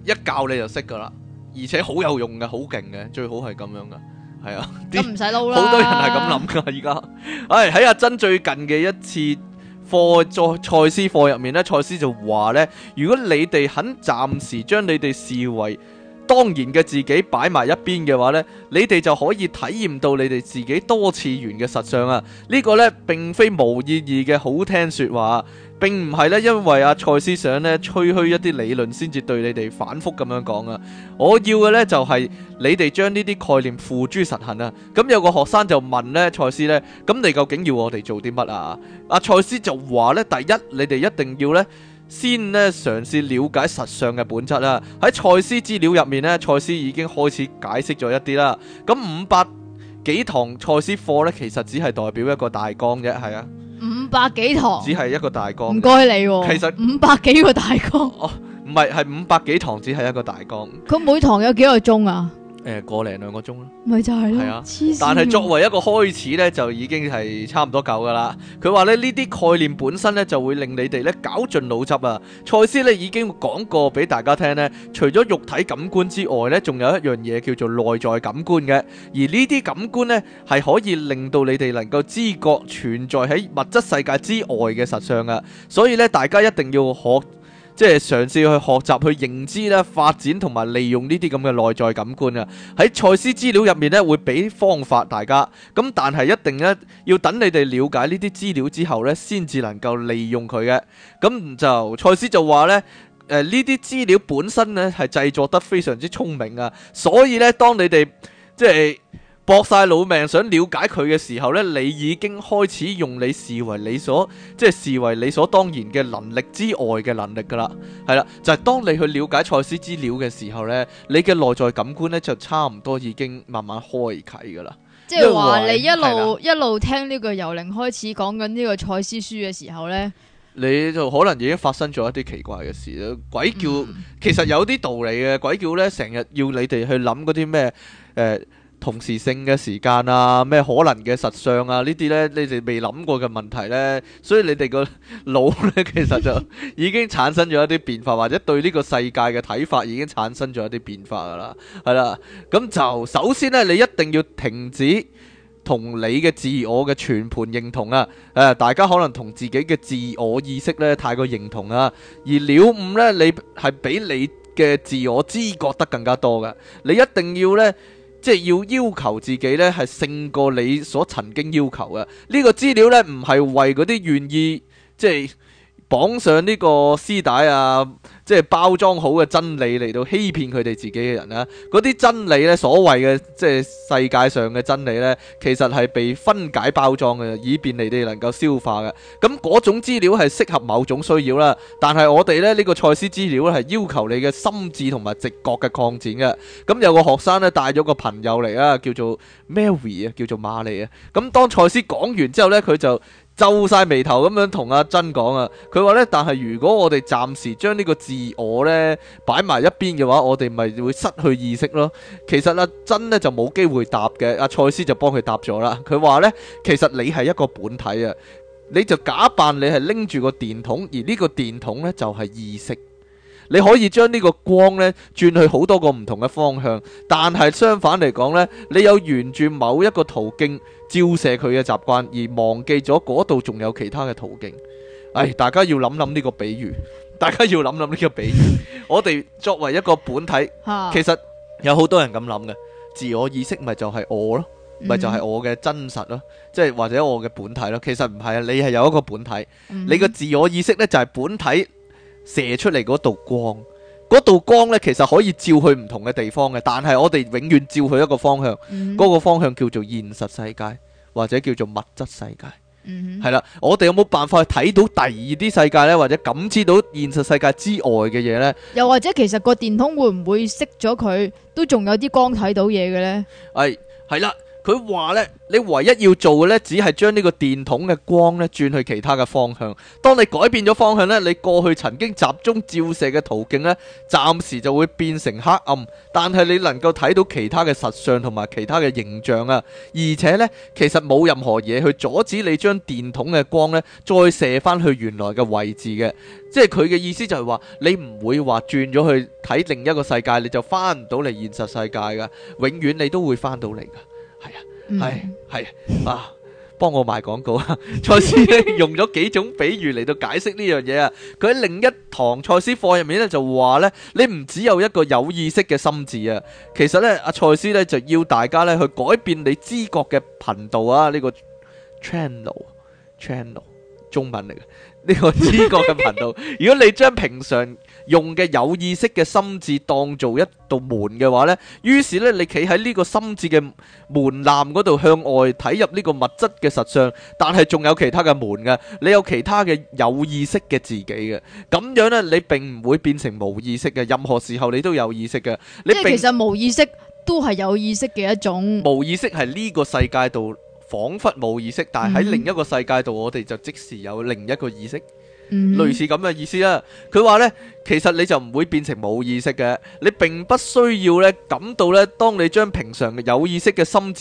一教你就識噶啦，而且好有用嘅，好勁嘅，最好係咁樣噶。係啊，咁唔使撈啦。好多人係咁諗噶依家。哎，喺阿珍最近嘅一次。課在賽斯課入面咧，賽斯就話咧：如果你哋肯暫時將你哋視為當然嘅自己擺埋一邊嘅話呢，你哋就可以體驗到你哋自己多次元嘅實相啊！呢、這個呢，並非無意義嘅好聽説話，並唔係呢，因為阿賽斯想呢吹噓一啲理論先至對你哋反覆咁樣講啊！我要嘅呢，就係你哋將呢啲概念付諸實行啊！咁有個學生就問呢，賽斯呢，咁你究竟要我哋做啲乜啊？阿賽斯就話呢，第一你哋一定要呢。先咧嘗試了解實相嘅本質啦。喺賽斯資料入面呢，賽斯已經開始解釋咗一啲啦。咁五百幾堂賽斯課呢，其實只係代表一個大綱啫，係啊。五百幾堂只係一個大綱，唔該你、哦。其實五百幾個大綱哦，唔係，係五百幾堂只係一個大綱。佢每堂有幾個鐘啊？誒，個零兩個鐘啦，咪就係咯， 係啊、但係作為一個開始咧，就已經係差唔多夠噶啦。佢話咧，呢啲概念本身咧就會令你哋咧搞盡腦汁啊。賽斯咧已經講過俾大家聽咧，除咗肉體感官之外咧，仲有一樣嘢叫做內在感官嘅，而呢啲感官咧係可以令到你哋能夠知覺存在喺物質世界之外嘅實相噶。所以咧，大家一定要學。即係嘗試去學習、去認知咧、發展同埋利用呢啲咁嘅內在感官啊！喺賽斯資料入面咧，會俾方法大家。咁但係一定咧，要等你哋了解呢啲資料之後咧，先至能夠利用佢嘅。咁就賽斯就話咧，誒呢啲資料本身咧係製作得非常之聰明啊，所以咧當你哋即係，搏晒老命想了解佢嘅時候呢，你已經開始用你視為你所即係視為理所當然嘅能力之外嘅能力噶啦，係啦，就係、是、當你去了解賽斯資料嘅時候呢，你嘅內在感官呢就差唔多已經慢慢開啟噶啦。即係話你一路一路聽呢個由零開始講緊呢個賽斯書嘅時候呢，你就可能已經發生咗一啲奇怪嘅事啦。鬼叫、嗯、其實有啲道理嘅，鬼叫呢成日要你哋去諗嗰啲咩誒。呃同時性嘅時間啊，咩可能嘅實相啊？呢啲呢，你哋未諗過嘅問題呢。所以你哋個腦呢，其實就已經產生咗一啲變化，或者對呢個世界嘅睇法已經產生咗一啲變化噶啦，係啦。咁就首先呢，你一定要停止同你嘅自我嘅全盤認同啊。誒、啊，大家可能同自己嘅自我意識呢，太過認同啊，而了悟呢，你係比你嘅自我知覺得更加多嘅。你一定要呢。即係要要求自己呢係勝過你所曾經要求嘅。呢、呢個資料呢，唔係為嗰啲願意即係綁上呢個絲帶啊，即係包裝好嘅真理嚟到欺騙佢哋自己嘅人啦、啊，嗰啲真理呢，所謂嘅即係世界上嘅真理呢，其實係被分解包裝嘅，以便你哋能夠消化嘅。咁嗰種資料係適合某種需要啦，但係我哋呢，呢、呢個賽斯資料咧係要求你嘅心智同埋直覺嘅擴展嘅。咁有個學生呢，帶咗個朋友嚟啊，叫做 Mary 啊，叫做瑪麗啊。咁當賽斯講完之後呢，佢就，皺晒眉頭咁樣同阿珍講啊，佢話呢，但係如果我哋暫時將呢個自我呢擺埋一邊嘅話，我哋咪會失去意識咯。其實阿珍呢就冇機會答嘅，阿賽斯就幫佢答咗啦。佢話呢，其實你係一個本體啊，你就假扮你係拎住個電筒，而呢個電筒呢就係、是、意識。你可以將呢個光呢轉去好多個唔同嘅方向，但係相反嚟講呢，你有沿住某一個途徑照射佢嘅習慣，而忘記咗嗰度仲有其他嘅途徑。哎，大家要諗諗呢個比喻，大家要諗諗呢個比喻。 我哋作為一個本體， 其實有好多人咁諗嘅，自我意識咪就係我咯，咪就係我嘅真實咯，即係或者我嘅本體咯。其實唔係啊，你係有一個本體，你個自我意識呢就係本體。射出嚟嗰道光，嗰道光呢，其實可以照去唔同嘅地方嘅，但係我哋永遠照去一個方向，嗰、嗯、哼個方向叫做現實世界或者叫做物質世界，係啦、嗯哼。我哋有冇辦法去睇到第二啲世界呢，或者感知到現實世界之外嘅嘢呢，又或者其實個電筒會唔會熄咗佢，都仲有啲光睇到嘢嘅呢，係係啦。佢話咧，你唯一要做嘅咧，只係將呢個電筒嘅光咧轉去其他嘅方向。當你改變咗方向咧，你過去曾經集中照射嘅途徑咧，暫時就會變成黑暗。但係你能夠睇到其他嘅實相同埋其他嘅形象，啊！而且咧，其實冇任何嘢去阻止你將電筒嘅光咧再射翻去原來嘅位置嘅。即係佢嘅意思就係話，你唔會話轉咗去睇另一個世界，你就翻唔到嚟現實世界噶。永遠你都會翻到嚟噶。係係啊，幫我賣廣告啊！賽斯 用咗幾種比喻嚟到解釋呢樣嘢啊！佢喺另一堂賽斯課入面咧就話咧，你唔只有一個有意識嘅心智啊，其實咧阿賽斯咧就要大家咧去改變你知覺嘅頻道啊！呢、這個 channel channel 中文嚟嘅呢個知覺嘅頻道，如果你將平常用嘅有意識嘅心智當做一道門嘅話呢，於是呢，你企喺呢個心智嘅門檻嗰度向外睇入呢個物質嘅實相，但係仲有其他嘅門嘅，你有其他嘅有意識嘅自己嘅，咁樣呢，你並唔會變成冇意識嘅，任何時候你都有意識嘅。你其實冇意識都係有意識嘅一種。冇意識，係呢個世界度彷彿冇意識，但係喺另一個世界度，我哋就即時有另一個意識。類似咁嘅意思啦，佢話呢，其實你就唔會變成冇意識嘅，你並不需要呢，感到呢，當你將平常嘅有意識嘅心智，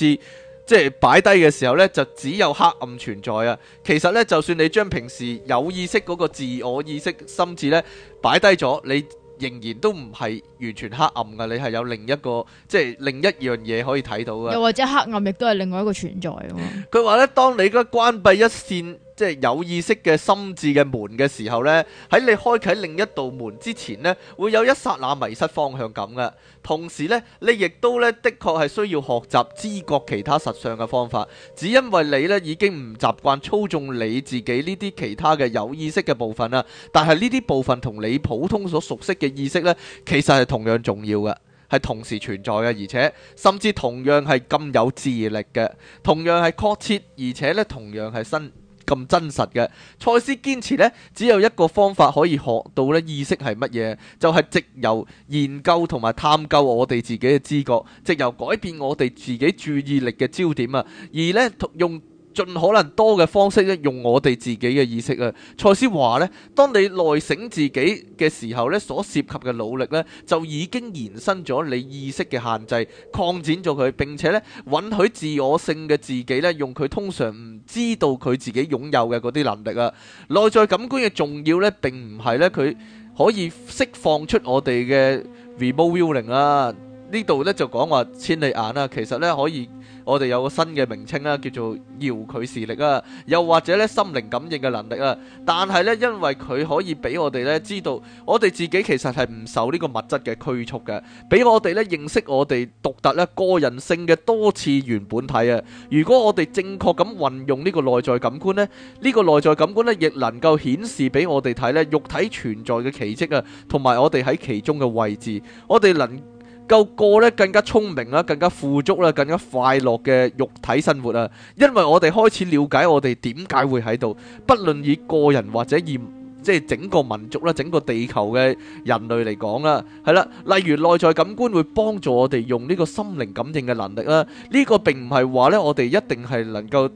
即係擺低嘅時候呢，就只有黑暗存在啊。其實呢，就算你將平時有意識嗰個自我意識心智呢擺低咗，你仍然都唔係完全黑暗噶，你係有另一個即係另一樣嘢可以睇到啊。又或者黑暗亦都係另外一個存在啊。佢話呢，當你而家關閉一線。即係有意識嘅心智嘅門嘅時候呢，喺你開啟另一道門之前呢，會有一剎那迷失方向感嘅。同時呢，你亦都呢，的確係需要學習知覺其他實相嘅方法，只因為你呢已經唔習慣操縱你自己呢啲其他嘅有意識嘅部分啦。但係呢啲部分同你普通所熟悉嘅意識呢，其實係同樣重要嘅，係同時存在嘅，而且甚至同樣係咁有智力嘅，同樣係確切，而且呢同樣係新。咁真實嘅，賽斯堅持呢，只有一個方法可以學到呢意識係乜嘢，就係、是、藉由研究同埋探究我哋自己嘅知覺，藉由改變我哋自己注意力嘅焦點啊，而呢用。盡可能多嘅方式咧，用我哋自己嘅意識啊。賽斯話咧，當你內省自己嘅時候咧，所涉及嘅努力咧，就已經延伸咗你意識嘅限制，擴展咗佢，並且呢，允許自我性嘅自己咧，用佢通常唔知道佢自己擁有嘅嗰啲能力啊。內在感官嘅重要呢，並唔係呢，佢可以釋放出我哋嘅 remote viewing 啊。呢度呢，就講話千里眼啊，其實呢，可以。我哋有個新嘅名稱啦，叫做遙距視力啊，又或者咧，心靈感應嘅能力啊，但係咧，因為佢可以俾我哋咧知道，我哋自己其實係唔受呢個物質嘅拘束嘅，俾我哋咧認識我哋獨特咧個人性嘅多次原本體啊。如果我哋正確咁運用呢個內在感官呢，呢、呢個內在感官咧亦能夠顯示俾我哋睇咧肉體存在嘅奇蹟啊，同埋我哋喺其中嘅位置，我哋能，夠過咧更加聰明啦，更加富足啦，更加快樂嘅肉體生活啊！因為我哋開始了解我哋點解會喺度，不論以個人或者以即係整個民族啦，整個地球嘅人類嚟講啦，係啦，例如內在感官會幫助我哋用呢個心靈感應嘅能力啦，呢個並唔係話咧我哋一定係能夠。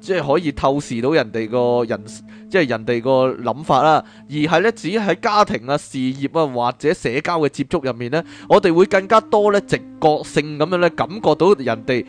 即係可以透視到人哋個人，即係人哋個諗法啦。而係呢，只喺家庭啊、事業啊或者社交嘅接觸入面呢，我哋會更加多呢直覺性咁樣呢感覺到人哋。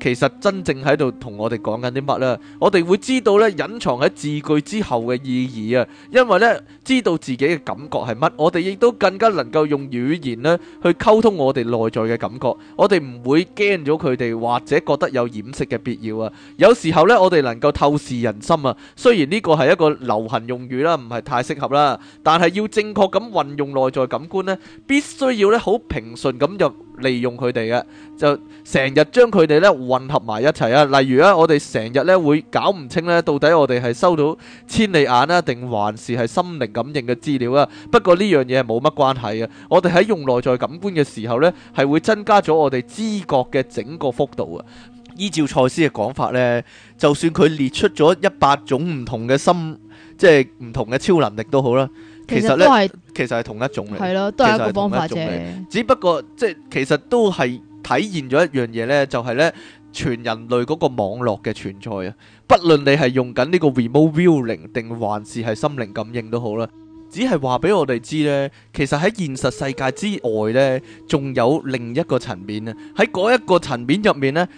其實真正喺度同我哋講緊啲乜咧？我哋會知道咧隱藏喺字句之後嘅意義啊！因為咧知道自己嘅感覺係乜，我哋亦都更加能夠用語言咧去溝通我哋內在嘅感覺。我哋唔會驚咗佢哋，或者覺得有掩飾嘅必要啊！有時候咧，我哋能夠透視人心啊。雖然呢個係一個流行用語啦，唔係太適合啦，但係要正確咁運用內在感官呢，必須要咧好平順咁入。利用佢哋嘅，就成日將佢哋咧混合埋一齊啊！例如啊，我哋成日咧會搞唔清咧，到底我哋係收到千里眼啊，定還是係心靈感應嘅資料啊？不過呢樣嘢係冇乜關係嘅。我哋喺用內在感官嘅時候咧，係會增加咗我哋知覺嘅整個幅度啊！依照賽斯嘅講法咧，就算佢列出咗一百種唔同嘅心。即係唔同嘅超能力都好啦，其實都係其實係同一種嚟，係咯，都係一個方法啫。只不過即係其實都係體現咗一樣嘢咧，就係咧全人類嗰個網絡嘅存在啊。不論你係用緊呢個 remote viewing 定還是係心靈感應都好啦，只係話俾我哋知咧，其實喺現實世界之外咧，仲有另一個層面啊。喺嗰一個層面入面咧。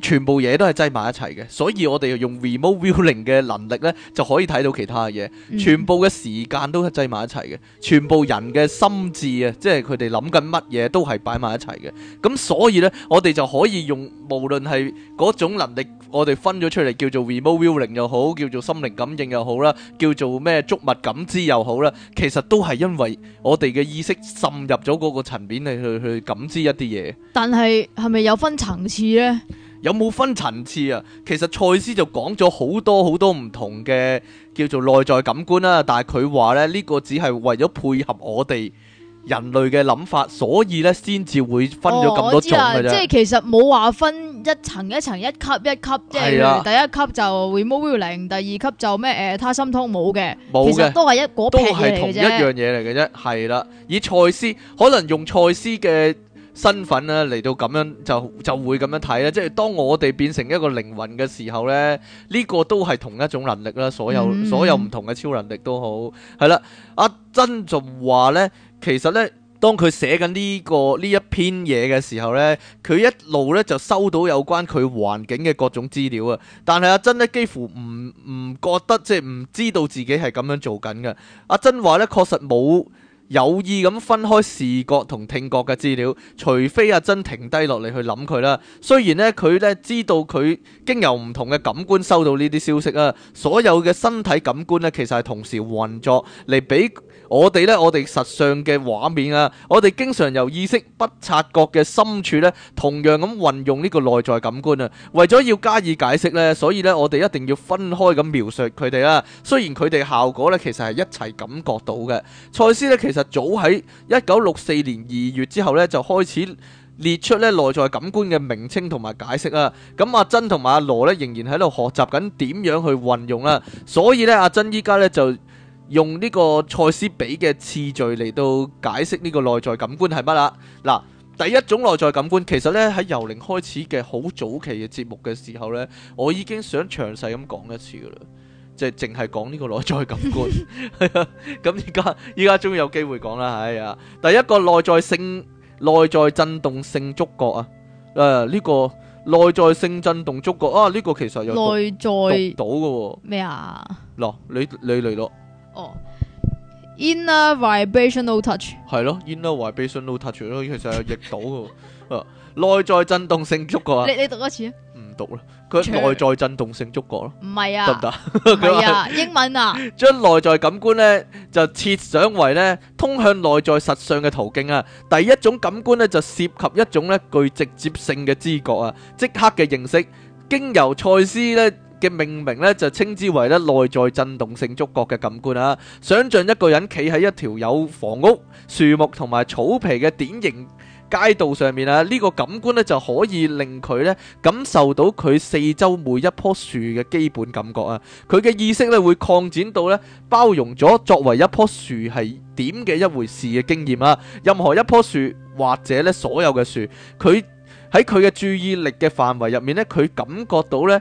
全部嘢都係擠埋一齊嘅，所以我哋用 remote viewing 嘅能力呢，就可以睇到其他嘢。全部嘅時間都係擠埋一齊嘅，全部人嘅心智啊，即係佢哋諗緊乜嘢都係擺埋一齊嘅。咁所以呢，我哋就可以用無論係嗰種能力，我哋分咗出嚟叫做 remote viewing 又好，叫做心靈感應又好啦，叫做咩觸物感知又好啦，其實都係因為我哋嘅意識滲入咗嗰個層面嚟去去感知一啲嘢。但係係咪有分層次呢？有冇分層次啊？其實賽斯就講咗好多好多唔同嘅叫做內在感官啦，但係佢話咧呢、這個只係為咗配合我哋人類嘅諗法，所以咧先至會分咗咁多種嘅啫、哦。即係其實冇話分一層一層一級一級啫。一級的即第一級就 remote viewing，第二級就咩誒、呃？他心通冇嘅，的其實都係一果皮嚟都係同一樣嘢嚟嘅啫。係啦，以賽斯可能用賽斯嘅。身份呢，嚟到咁樣就就會咁樣睇咧。即係當我哋變成一個靈魂嘅時候呢，呢、呢個都係同一種能力啦。所有、嗯、所有唔同嘅超能力都好，係啦。阿珍就話呢，其實呢，當佢寫緊呢、呢個呢一篇嘢嘅時候呢，佢一路呢就收到有關佢環境嘅各種資料啊。但係阿珍呢，幾乎唔唔覺得，即係唔知道自己係咁樣做緊嘅。阿珍話呢，確實冇。有意咁分開視覺同聽覺嘅資料，除非阿珍停低落嚟去諗佢啦。雖然咧，佢咧知道佢經由唔同嘅感官收到呢啲消息啊，所有嘅身體感官咧其實係同時運作嚟俾我哋呢，我哋實相嘅畫面啊，我哋經常由意識不察覺嘅深處呢，同樣咁運用呢個內在感官啊。為咗要加以解釋呢，所以呢我哋一定要分開咁描述佢哋啦。雖然佢哋效果呢其實係一齊感覺到嘅。賽斯呢其實早喺一九六四年二月之後呢就開始列出呢內在感官嘅名稱同埋解釋啊。咁阿珍同埋阿羅呢仍然喺度學習緊點樣去運用啊。所以呢阿珍依家呢就，用呢個賽斯比嘅次序嚟到解釋呢個內在感官係乜啦？嗱，第一種內在感官其實咧喺由零開始嘅好早期嘅節目嘅時候咧，我已經想詳細咁講一次噶啦，即係淨係講呢個內在感官。咁而家而家終於有機會講啦。哎呀，第一個內在性內在振動性觸覺啊！誒呢個內在性振動觸覺啊，呢個其實有內在到嘅喎咩啊？嗱，你你嚟咯！哦，inner vibrational touch 係咯，inner vibrational touch 咯，其實係譯到嘅，誒，內在震動性觸覺啊！你你讀多次？唔讀啦，佢內在震動性觸覺咯，唔係啊？得唔得？係啊，英文啊，將內在感官咧就設想為咧通向內在實相嘅途徑啊！第一種感官咧就涉及一種咧具直接性嘅知覺啊，即刻嘅認識，經由賽斯咧。嘅命名咧就稱之為咧內在震動性觸覺嘅感官啊！想象一個人企喺一條有房屋、樹木同埋草皮嘅典型街道上面啊，呢個感官咧就可以令佢咧感受到佢四周每一棵樹嘅基本感覺啊！佢嘅意識咧會擴展到咧包容咗作為一棵樹係點嘅一回事嘅經驗啊！任何一棵樹或者咧所有嘅樹，佢喺佢嘅注意力嘅範圍入面咧，佢感覺到咧。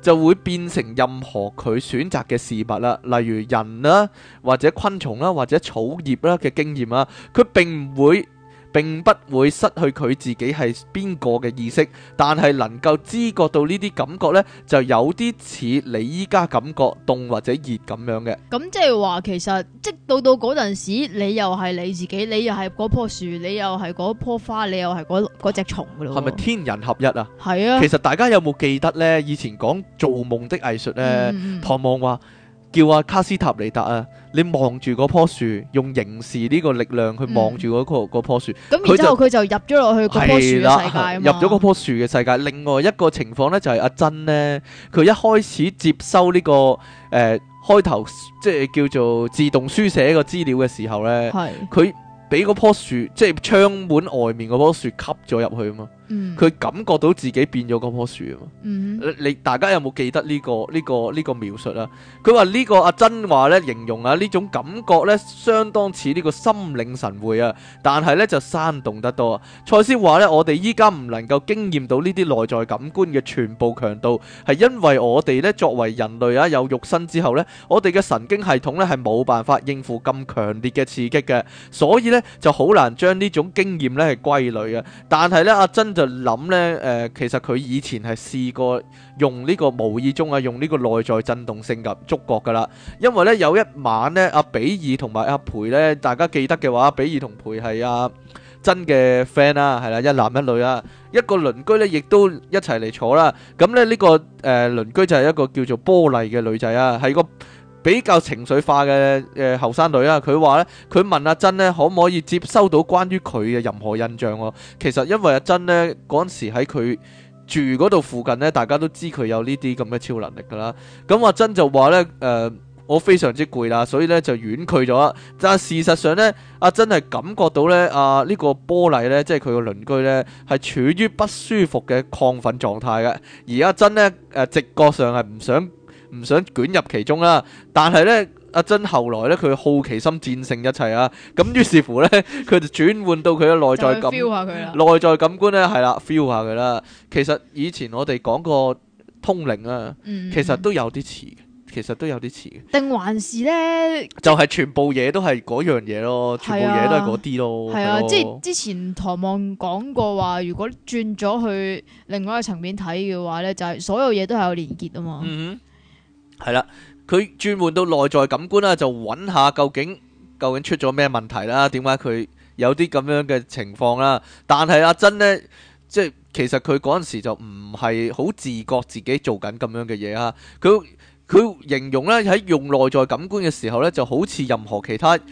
就會變成任何佢選擇嘅事物啦，例如人啦，或者昆蟲啦，或者草葉啦嘅經驗啦，佢並唔會。並不會失去佢自己係邊個嘅意識，但係能夠知覺到呢啲感覺呢，就有啲似你依家感覺凍或者熱咁樣嘅。咁即係話，其實即到到嗰陣時，你又係你自己，你又係嗰棵樹，你又係嗰棵花，你又係嗰嗰隻蟲噶咯。係咪天人合一啊？係啊。其實大家有冇記得呢？以前講做夢的藝術呢，唐望話。叫阿卡斯塔尼達啊！你望住嗰棵樹，用凝視呢個力量去望住嗰棵嗰棵樹。咁然之後佢就，就入咗落去嗰棵樹世界入咗嗰棵樹嘅世界。另外一個情況咧就係阿珍咧，佢一開始接收呢、這個誒、呃、開頭即係叫做自動書寫個資料嘅時候咧，佢俾嗰棵樹即係窗門外面嗰棵樹吸咗入去啊嘛。佢感覺到自己變咗嗰棵樹啊嘛！你大家有冇記得呢個呢個呢個描述啊？佢話呢個阿珍話咧，形容啊呢種感覺咧，相當似呢個心領神會啊！但係咧就生動得多。賽斯話咧，我哋依家唔能夠經驗到呢啲內在感官嘅全部強度，係因為我哋咧作為人類啊有肉身之後咧，我哋嘅神經系統咧係冇辦法應付咁強烈嘅刺激嘅，所以咧就好難將呢種經驗咧係歸類啊！但係咧阿珍，就諗咧，誒，其實佢以前係試過用呢個無意中啊，用呢個內在震動性及觸覺噶啦。因為咧有一晚咧，阿比爾同埋阿培咧，大家記得嘅話，比爾同培係阿真嘅 friend 啦，係啦，一男一女啊，一個鄰居咧亦都一齊嚟坐啦。咁咧呢個誒鄰居就係一個叫做波麗嘅女仔啊，喺個。比較情緒化嘅誒後生女啦，佢話咧，佢問阿珍咧，可唔可以接收到關於佢嘅任何印象喎？其實因為阿珍呢嗰陣時喺佢住嗰度附近呢，大家都知佢有呢啲咁嘅超能力噶啦。咁阿珍就話呢，誒、呃、我非常之攰啦，所以呢就婉拒咗。但事實上呢，阿珍係感覺到呢，阿、啊、呢、這個波麗呢，即係佢嘅鄰居呢，係處於不舒服嘅亢奮狀態嘅。而阿珍呢，誒直覺上係唔想，唔想捲入其中啦，但係呢，阿珍後來呢，佢好奇心戰勝一切啊。咁於是乎呢，佢就轉換到佢嘅內在感內在感官呢，係啦，feel 下佢啦。嗯、其實以前我哋講過通靈啊，其實都有啲似，其實都有啲似。定還是呢？就係全部嘢都係嗰樣嘢咯，啊、全部嘢都係嗰啲咯。係啊，啊即係、啊、之前唐望講過話，如果轉咗去另外一個層面睇嘅話呢，就係、是、所有嘢都係有連結啊嘛。嗯係啦，佢轉換到內在感官啦，就揾下究竟究竟出咗咩問題啦？點解佢有啲咁樣嘅情況啦？但係阿珍呢，即係其實佢嗰陣時就唔係好自覺自己做緊咁樣嘅嘢啊！佢佢形容呢，喺用內在感官嘅時候呢，就好似任何其他事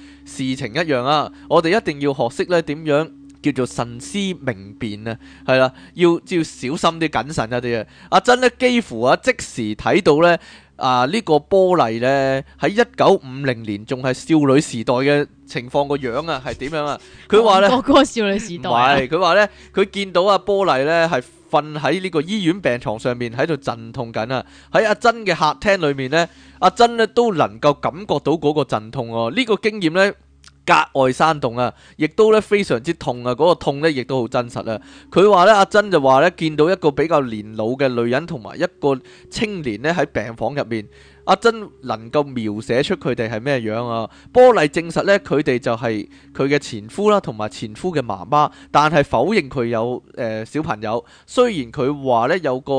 情一樣啊！我哋一定要學識呢，點樣叫做慎思明辨啊！係啦，要要小心啲，謹慎一啲啊！阿珍呢，幾乎啊即時睇到呢。啊！呢、呢個玻璃呢，喺一九五零年仲係少女時代嘅情況個樣，啊、樣啊，係點樣啊？佢話呢，嗰個 少女時代、啊，唔係佢話咧，佢見到啊玻璃呢，係瞓喺呢個醫院病床上面喺度陣痛緊啊！喺阿珍嘅客廳裏面呢，阿珍呢，都能夠感覺到嗰個陣痛啊。呢、呢個經驗呢。格外心痛啊，亦都咧非常之痛啊，嗰個痛咧亦都好真實啊。佢話咧，阿珍就話咧，見到一個比較年老嘅女人同埋一個青年咧喺病房入面，阿珍能夠描寫出佢哋係咩樣啊？波麗證實咧，佢哋就係佢嘅前夫啦，同埋前夫嘅媽媽，但係否認佢有誒、呃、小朋友。雖然佢話咧有個。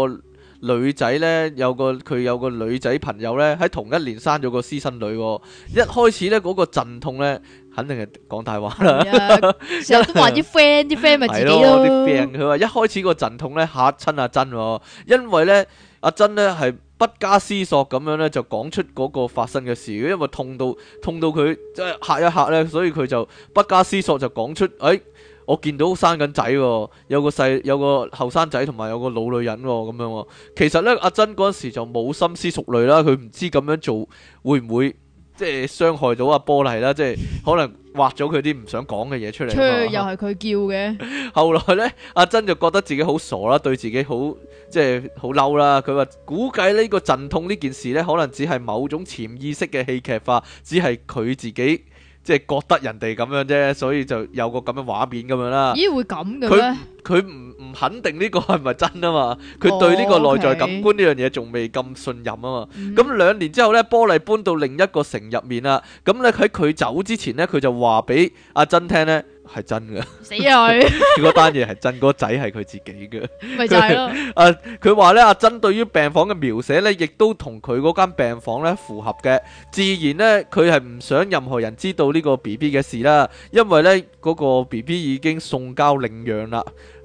女仔呢，有個佢有個女仔朋友呢，喺同一年生咗個私生女喎、哦，一開始呢，嗰、那個陣痛呢，肯定係講大話啦。成日 都話啲 friend 啲 friend 咪自己咯。病佢話一開始個陣痛呢，嚇親阿珍、哦，因為呢，阿珍呢係不加思索咁樣呢，就講出嗰個發生嘅事，因為痛到痛到佢即係嚇一嚇呢，所以佢就不加思索就講出哎。我見到生緊仔喎，有個細有個後生仔同埋有個老女人喎，咁樣喎。其實呢，阿珍嗰陣時就冇深思熟慮啦，佢唔知咁樣做會唔會即係傷害到阿波璃啦，即係可能挖咗佢啲唔想講嘅嘢出嚟。錯吹，樣又係佢叫嘅。後來呢，阿珍就覺得自己好傻啦，對自己好即係好嬲啦。佢話估計呢個陣痛呢件事呢，可能只係某種潛意識嘅戲劇化，只係佢自己。即係覺得人哋咁樣啫，所以就有個咁嘅畫面咁樣啦。咦會咁嘅咩？佢佢唔唔肯定呢個係咪真啊嘛？佢對呢個內在感官呢樣嘢仲未咁信任啊嘛。咁兩、哦 okay、年之後呢，波麗搬到另一個城入面啦。咁咧喺佢走之前呢，佢就話俾阿珍聽呢。係真噶，死佢吧！嗰單嘢係真，個仔係佢自己嘅，咪就係咯。佢話咧，阿珍對於病房嘅描寫咧，亦都同佢嗰間病房咧符合嘅。自然咧，佢係唔想任何人知道呢個 B B 嘅事啦，因為咧嗰個 B B 已經送交領養啦。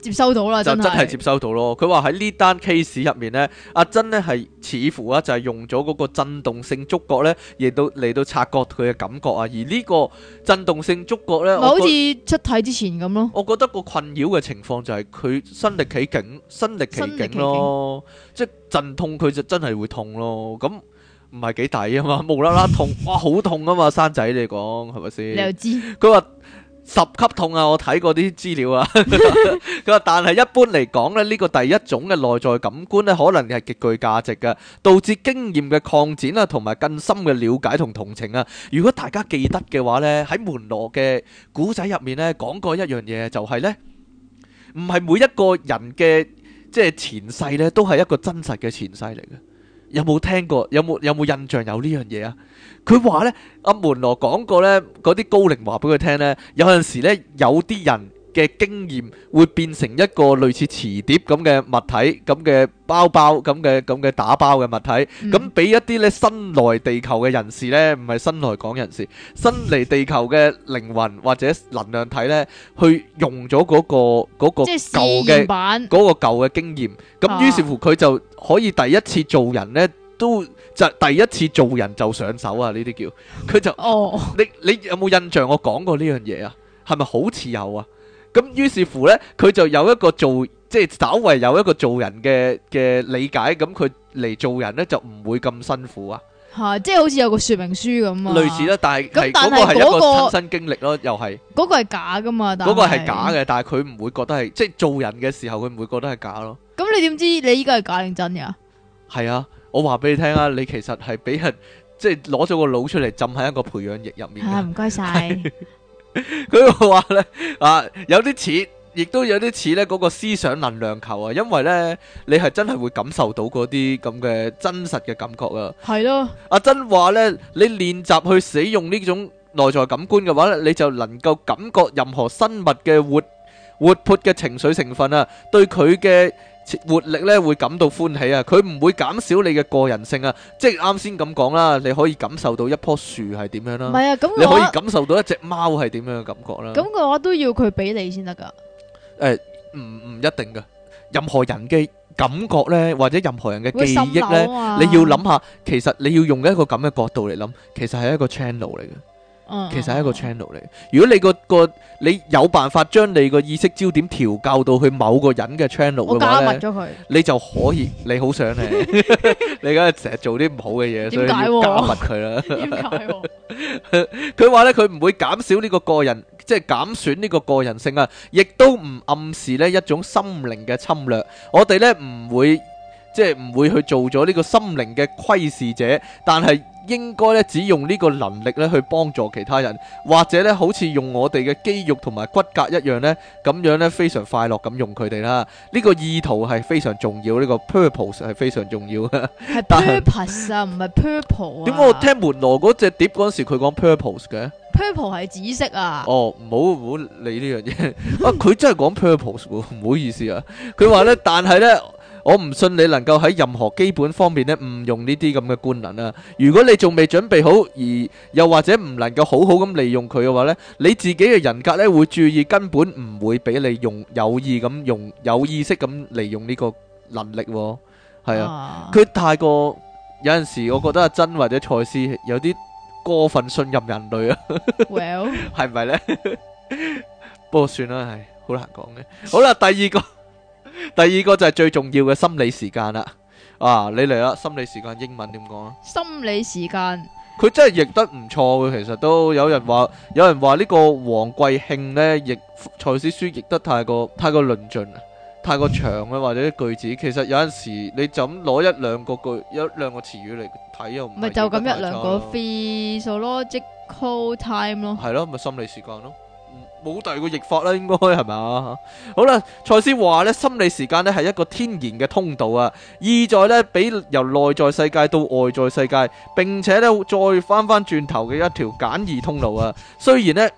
接收到啦，就真係接收到咯。佢話喺呢單 case 入面呢，阿珍呢係似乎啊，就係用咗嗰個震動性觸覺呢，亦都嚟到察覺佢嘅感覺啊。而呢個震動性觸覺呢，好似出體之前咁咯。我覺得，我覺得個困擾嘅情況就係佢身歷其境，嗯、身歷其境咯，即係陣痛佢就真係會痛咯。咁唔係幾抵啊嘛，無啦啦痛， 哇好痛啊嘛，生仔你講係咪先？你又知。佢話。十級痛啊！我睇過啲資料啊。佢話：但係一般嚟講呢，呢、呢個第一種嘅內在感官呢，可能係極具價值嘅，導致經驗嘅擴展啊，同埋更深嘅了解同同情啊。如果大家記得嘅話呢，喺門羅嘅古仔入面呢，講過一樣嘢就係呢：唔係每一個人嘅即係前世呢，都係一個真實嘅前世嚟嘅。有冇聽過？有冇，有冇印象有呢樣嘢啊？佢話咧，阿門羅講過咧，嗰啲高靈話俾佢聽咧，有陣時咧，有啲人嘅經驗會變成一個類似磁碟咁嘅物體，咁嘅包包咁嘅咁嘅打包嘅物體，咁俾一啲咧新來地球嘅人士咧，唔係新來港人士，新嚟地球嘅靈魂或者能量體咧，去用咗嗰個嗰個舊嘅嗰個舊嘅經驗，咁於是乎佢就可以第一次做人咧，都就第一次做人就上手啊！呢啲叫佢就哦，你你有冇印象我講過呢樣嘢啊？係咪好似有啊？咁於是乎咧，佢就有一個做即係稍為有一個做人嘅嘅理解，咁佢嚟做人咧就唔會咁辛苦啊！係，即係好似有個說明書咁啊！類似啦，但係咁但係嗰個係一個親身經歷咯，又係嗰個係假噶嘛？嗰個係假嘅，但係佢唔會覺得係即係做人嘅時候，佢唔會覺得係假咯。咁你點知你依家係假定真噶？係啊，我話俾你聽啊，你其實係俾人即係攞咗個腦出嚟浸喺一個培養液入面。吓，唔該晒。佢話咧啊，有啲似，亦都有啲似咧嗰個思想能量球啊，因為咧你係真係會感受到嗰啲咁嘅真實嘅感覺啊。係咯，阿珍話咧，你練習去使用呢種內在感官嘅話咧，你就能夠感覺任何生物嘅活活潑嘅情緒成分啊，對佢嘅。活力咧，會感到歡喜啊！佢唔會減少你嘅個人性啊，即係啱先咁講啦，你可以感受到一棵樹係點樣啦，唔係啊？咁你可以感受到一隻貓係點樣嘅感覺啦。咁嘅話都要佢俾你先得噶。誒，唔唔一定噶，任何人嘅感覺咧，或者任何人嘅記憶咧，你要諗下，其實你要用一個咁嘅角度嚟諗，其實係一個 channel 嚟嘅。其實係一個 channel 嚟。如果你個個你有辦法將你個意識焦點調教到去某個人嘅 channel 嘅話咧，你就可以你好想你你而家，成日做啲唔好嘅嘢，所以夾密佢啦。佢話咧，佢唔會減少呢個個人，即係減損呢個個人性啊，亦都唔暗示咧一種心靈嘅侵略。我哋咧唔會。即係唔會去做咗呢個心靈嘅窺視者，但係應該咧只用呢個能力咧去幫助其他人，或者咧好似用我哋嘅肌肉同埋骨骼一樣咧，咁樣咧非常快樂咁用佢哋啦。呢個意圖係非常重要，呢個 purpose 係非常重要嘅。係 purpose 啊，唔係 purple。點解我聽門羅嗰隻碟嗰陣時佢講 purpose 嘅？purple 係紫色啊。哦，唔好唔好理呢樣嘢。啊，佢真係講 purpose 嘅，唔好意思啊。佢話咧，但係咧。我唔信你能夠喺任何基本方面咧誤用呢啲咁嘅功能啊！如果你仲未準備好，而又或者唔能夠好好咁利用佢嘅話咧，你自己嘅人格咧會注意，根本唔會俾你用有意咁用有意識咁利用呢個能力喎。係啊，佢太過有陣時，我覺得阿珍或者賽斯有啲過分信任人類啊。Well，係咪咧？不過算啦，係好難講嘅。好啦，第二個。第二個就係最重要嘅心理時間啦，啊，你嚟啦，心理時間英文點講啊？心理時間，佢真係譯得唔錯嘅，其實都有人話，有人話呢個王季慶呢，譯《賽斯書》譯得太過太過論盡，太過長啊， 或者句子，其實有陣時你就咁攞一兩個句，一兩個詞語嚟睇又唔係就咁一兩個 fee 咯，即 call time 咯，係咯，咪、就是、心理時間咯。好大個逆法啦，應該係咪？好啦，賽斯話咧，心理時間咧係一個天然嘅通道啊，意在咧俾由內在世界到外在世界，並且咧再翻翻轉頭嘅一條簡易通路啊。雖然咧，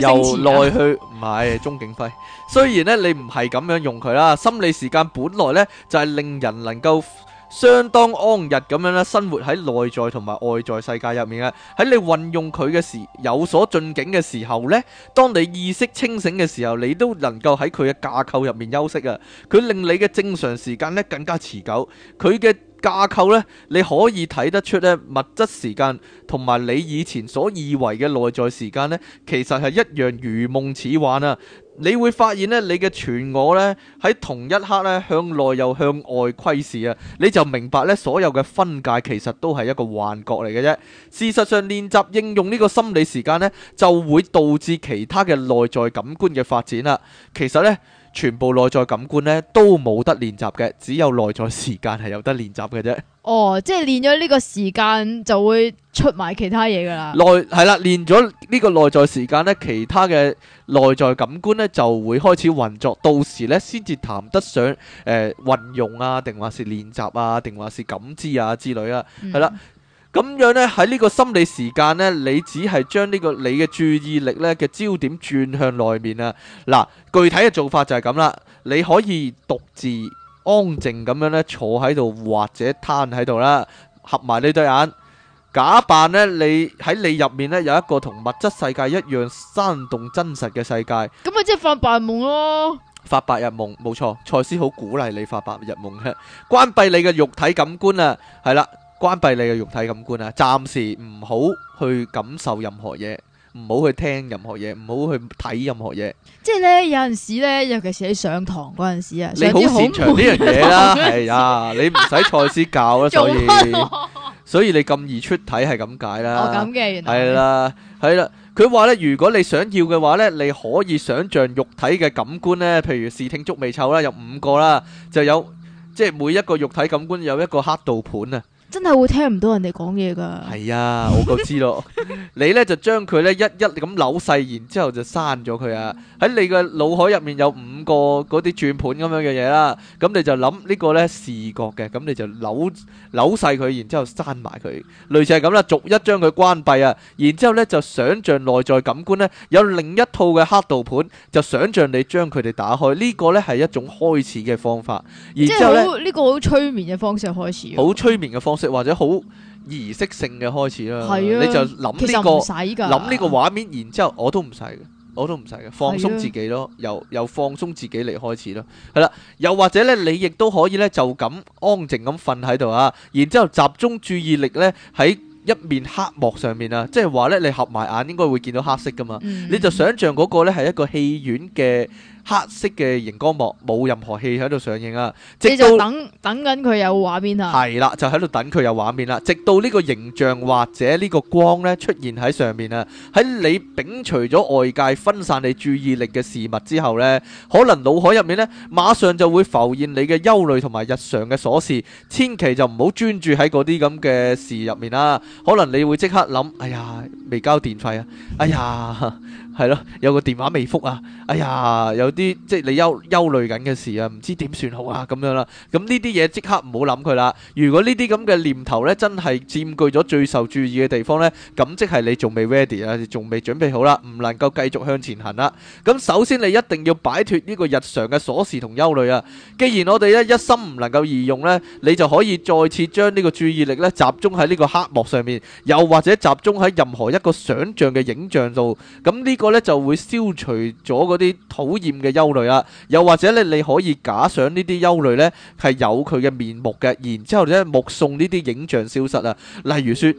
由內去唔係鍾景輝，雖然咧你唔係咁樣用佢啦。心理時間本來咧就係令人能夠。相當安逸咁樣咧，生活喺內在同埋外在世界入面啊！喺你運用佢嘅時，有所進境嘅時候呢，當你意識清醒嘅時候，你都能夠喺佢嘅架構入面休息啊！佢令你嘅正常時間咧更加持久，佢嘅架構呢，你可以睇得出呢，物質時間同埋你以前所以為嘅內在時間呢，其實係一樣如夢似幻啊！你會發現咧，你嘅全我咧喺同一刻咧向內又向外窺視啊！你就明白咧，所有嘅分界其實都係一個幻覺嚟嘅啫。事實上，練習應用呢個心理時間咧，就會導致其他嘅內在感官嘅發展啦。其實咧。全部內在感官咧都冇得練習嘅，只有內在時間係有得練習嘅啫。哦，即係練咗呢個時間就會出埋其他嘢噶啦。內係啦，練咗呢個內在時間咧，其他嘅內在感官咧就會開始運作，到時咧先至談得上誒呃、運用啊，定話是練習啊，定話是感知啊之類啊。係啦、嗯。咁樣呢，喺呢個心理時間呢，你只係將呢個你嘅注意力呢嘅焦點轉向內面啊！嗱，具體嘅做法就係咁啦，你可以獨自安靜咁樣呢坐喺度或者攤喺度啦，合埋你對眼，假扮呢，你喺你入面呢有一個同物質世界一樣生動真實嘅世界。咁咪即係發白日夢咯。發白日夢冇錯，賽斯好鼓勵你發白日夢嘅，關閉你嘅肉體感官啊，係啦。關閉你嘅肉體感官啊！暫時唔好去感受任何嘢，唔好去聽任何嘢，唔好去睇任何嘢。即係咧，有陣時咧，尤其是你上堂嗰陣時啊，你好擅長呢樣嘢啦，係啊，你唔使賽斯教啦，所以所以你咁易出體係咁解啦。哦，咁嘅，原來係啦，係啦。佢話咧，如果你想要嘅話咧，你可以想象肉體嘅感官咧，譬如，視聽觸味嗅啦，有五個啦，就有即係每一個肉體感官有一個黑度盤啊。真係會聽唔到人哋講嘢噶，係啊，我夠知咯。 你呢就將佢呢一一咁扭細，然之後就刪咗佢啊。喺你嘅腦海入面有五個嗰啲轉盤咁樣嘅嘢啦，咁你就諗呢個呢視覺嘅，咁你就扭扭細佢，然之後刪埋佢，類似係咁啦，逐一將佢關閉啊。然之後呢就想象內在感官呢，有另一套嘅黑道盤，就想象你將佢哋打開。呢個呢係一種開始嘅方法。即係好呢個好催眠嘅方式開始。好催眠嘅方式。或者好儀式性嘅開始啦，的你就諗呢個諗呢個畫面，然之後我都唔使嘅，我都唔使嘅，放鬆自己咯的，又又放鬆自己嚟開始咯，係啦，又或者咧，你亦都可以咧就咁安靜咁瞓喺度啊，然之後集中注意力咧喺一面黑幕上面啊，即係話咧，你合埋眼應該會見到黑色噶嘛，你就想象嗰個咧係一個戲院嘅。黑色嘅熒光幕冇任何戲喺度上映啊！你就等等緊佢有畫面啊！係啦，就喺度等佢有畫面啦。直到呢個形象或者呢個光呢出現喺上面啊！喺你摒除咗外界分散你注意力嘅事物之後呢，可能腦海入面呢馬上就會浮現你嘅憂慮同埋日常嘅瑣事。千祈就唔好專注喺嗰啲咁嘅事入面啦。可能你會即刻諗：哎呀，未交電費啊！哎呀～係咯，有個電話未復啊！哎呀，有啲即係你憂憂慮緊嘅事啊，唔知點算好啊咁樣啦。咁呢啲嘢，即刻唔好諗佢啦。如果呢啲咁嘅念頭呢，真係佔據咗最受注意嘅地方呢，咁即係你仲未 ready 啊，你仲未準備好啦，唔能夠繼續向前行啦。咁首先你一定要擺脫呢個日常嘅瑣事同憂慮啊。既然我哋一一心唔能夠二用呢，你就可以再次將呢個注意力呢，集中喺呢個黑幕上面，又或者集中喺任何一個想象嘅影像度。咁呢，個咧就會消除咗嗰啲討厭嘅憂慮啦，又或者咧，你可以假想呢啲憂慮咧係有佢嘅面目嘅，然之後咧目送呢啲影像消失啊。例如說，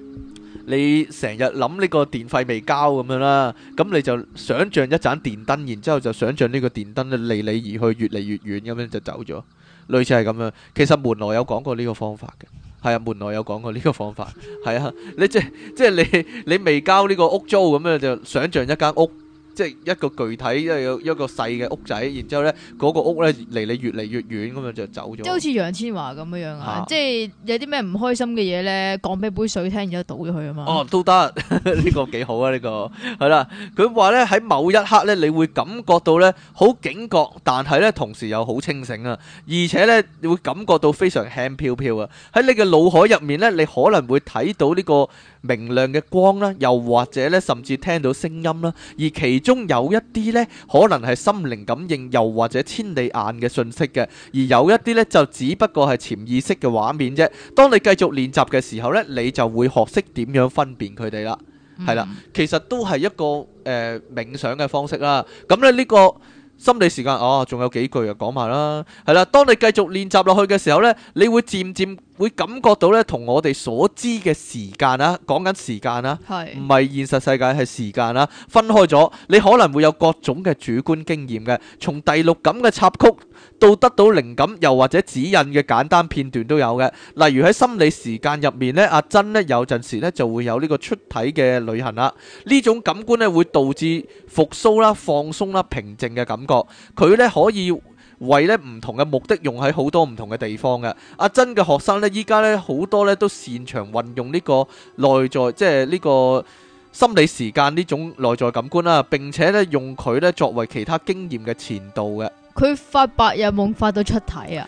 你成日諗呢個電費未交咁樣啦，咁你就想象一盞電燈，然之後就想象呢個電燈咧離你而去，越嚟越遠咁樣就走咗，類似係咁樣。其實門羅有講過呢個方法嘅。係啊，門內有講過呢個方法。係啊， 你即係即係你你未交呢個屋租咁樣，就想像一間屋。即係一個具體，因為有一個細嘅屋仔，然之後呢，嗰個屋呢，離你越嚟越遠，咁樣就走咗。即係好似楊千嬅咁樣啊！啊即係有啲咩唔開心嘅嘢呢，講俾杯水聽，然之後倒咗佢啊嘛。哦、啊，都得，呢 個幾好啊！呢、 這個係啦，佢話呢，喺某一刻呢，你會感覺到呢，好警覺，但係呢，同時又好清醒啊，而且呢，你會感覺到非常輕飄飄啊。喺你嘅腦海入面呢，你可能會睇到呢、這個。明亮嘅光啦，又或者咧，甚至聽到聲音啦，而其中有一啲咧，可能係心靈感應，又或者千里眼嘅信息嘅，而有一啲咧就只不過係潛意識嘅畫面啫。當你繼續練習嘅時候咧，你就會學識點樣分辨佢哋啦。係啦，其實都係一個誒冥想嘅方式啦。咁咧呢個心理時間哦，仲有幾句啊，講埋啦。係啦，當你繼續練習落去嘅時候咧，你會漸漸。會感覺到咧，同我哋所知嘅時間啦，講緊時間啦，唔係現實世界，係時間啦，分開咗。你可能會有各種嘅主觀經驗嘅，從第六感嘅插曲到得到靈感，又或者指引嘅簡單片段都有嘅。例如喺心理時間入面咧，阿珍咧有陣時咧就會有呢個出體嘅旅行啦。呢種感官咧會導致復甦啦、放鬆啦、平靜嘅感覺。佢咧可以，為咧唔同嘅目的用喺好多唔同嘅地方嘅，阿珍嘅學生呢，依家呢，好多呢都擅長運用呢個內在，即係呢個心理時間呢種內在感官啦，並且呢，用佢呢作為其他經驗嘅前導嘅。佢發白日夢發到出體啊！誒、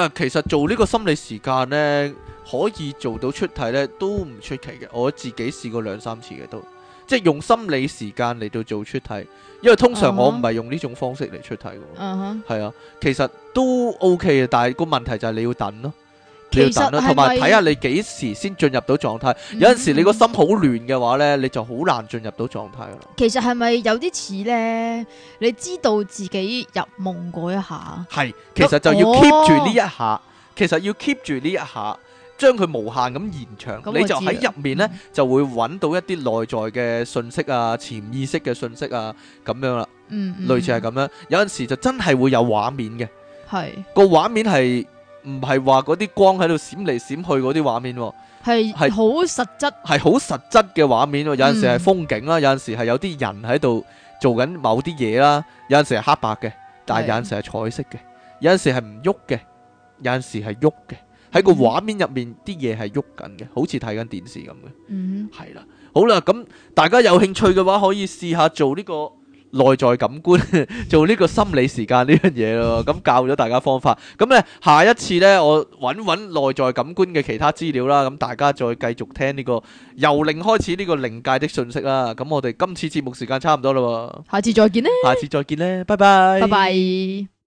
呃，其實做呢個心理時間呢，可以做到出體呢都唔出奇嘅，我自己試過兩三次嘅都。即係用心理時間嚟到做出題，因為通常我唔係用呢種方式嚟出題嘅，係啊、uh huh.，其實都 OK 嘅，但係個問題就係你要等咯、啊，其實你要等咯、啊，同埋睇下你幾時先進入到狀態。嗯、有陣時你個心好亂嘅話呢，你就好難進入到狀態啦。其實係咪有啲似呢？你知道自己入夢嗰一下，係其實就要 keep 住呢一下，其實要 keep 住呢一下。將佢無限咁延長，你就喺入面呢就會揾到一啲內在嘅信息啊、潛意識嘅信息啊，咁樣啦，類似係咁樣。有陣時就真係會有畫面嘅，係個畫面係唔係話嗰啲光喺度閃嚟閃去嗰啲畫面，係係好實質，係好實質嘅畫面。有陣時係風景啦，有陣時係有啲人喺度做緊某啲嘢啦，有陣時係黑白嘅，但係有陣時係彩色嘅，有陣時係唔喐嘅，有陣時係喐嘅。喺個畫面入面啲嘢係喐緊嘅，好似睇緊電視咁嘅，嗯，係啦，好啦，咁大家有興趣嘅話可以試下做呢個內在感官， 做呢個心理時間呢 樣嘢咯。咁教咗大家方法，咁咧下一次咧，我搵搵內在感官嘅其他資料啦。咁大家再繼續聽呢、呢個由零開始呢個靈界的訊息啦。咁我哋今次節目時間差唔多啦，下次，下次再見咧，下次再見咧，bye bye 拜拜，拜拜。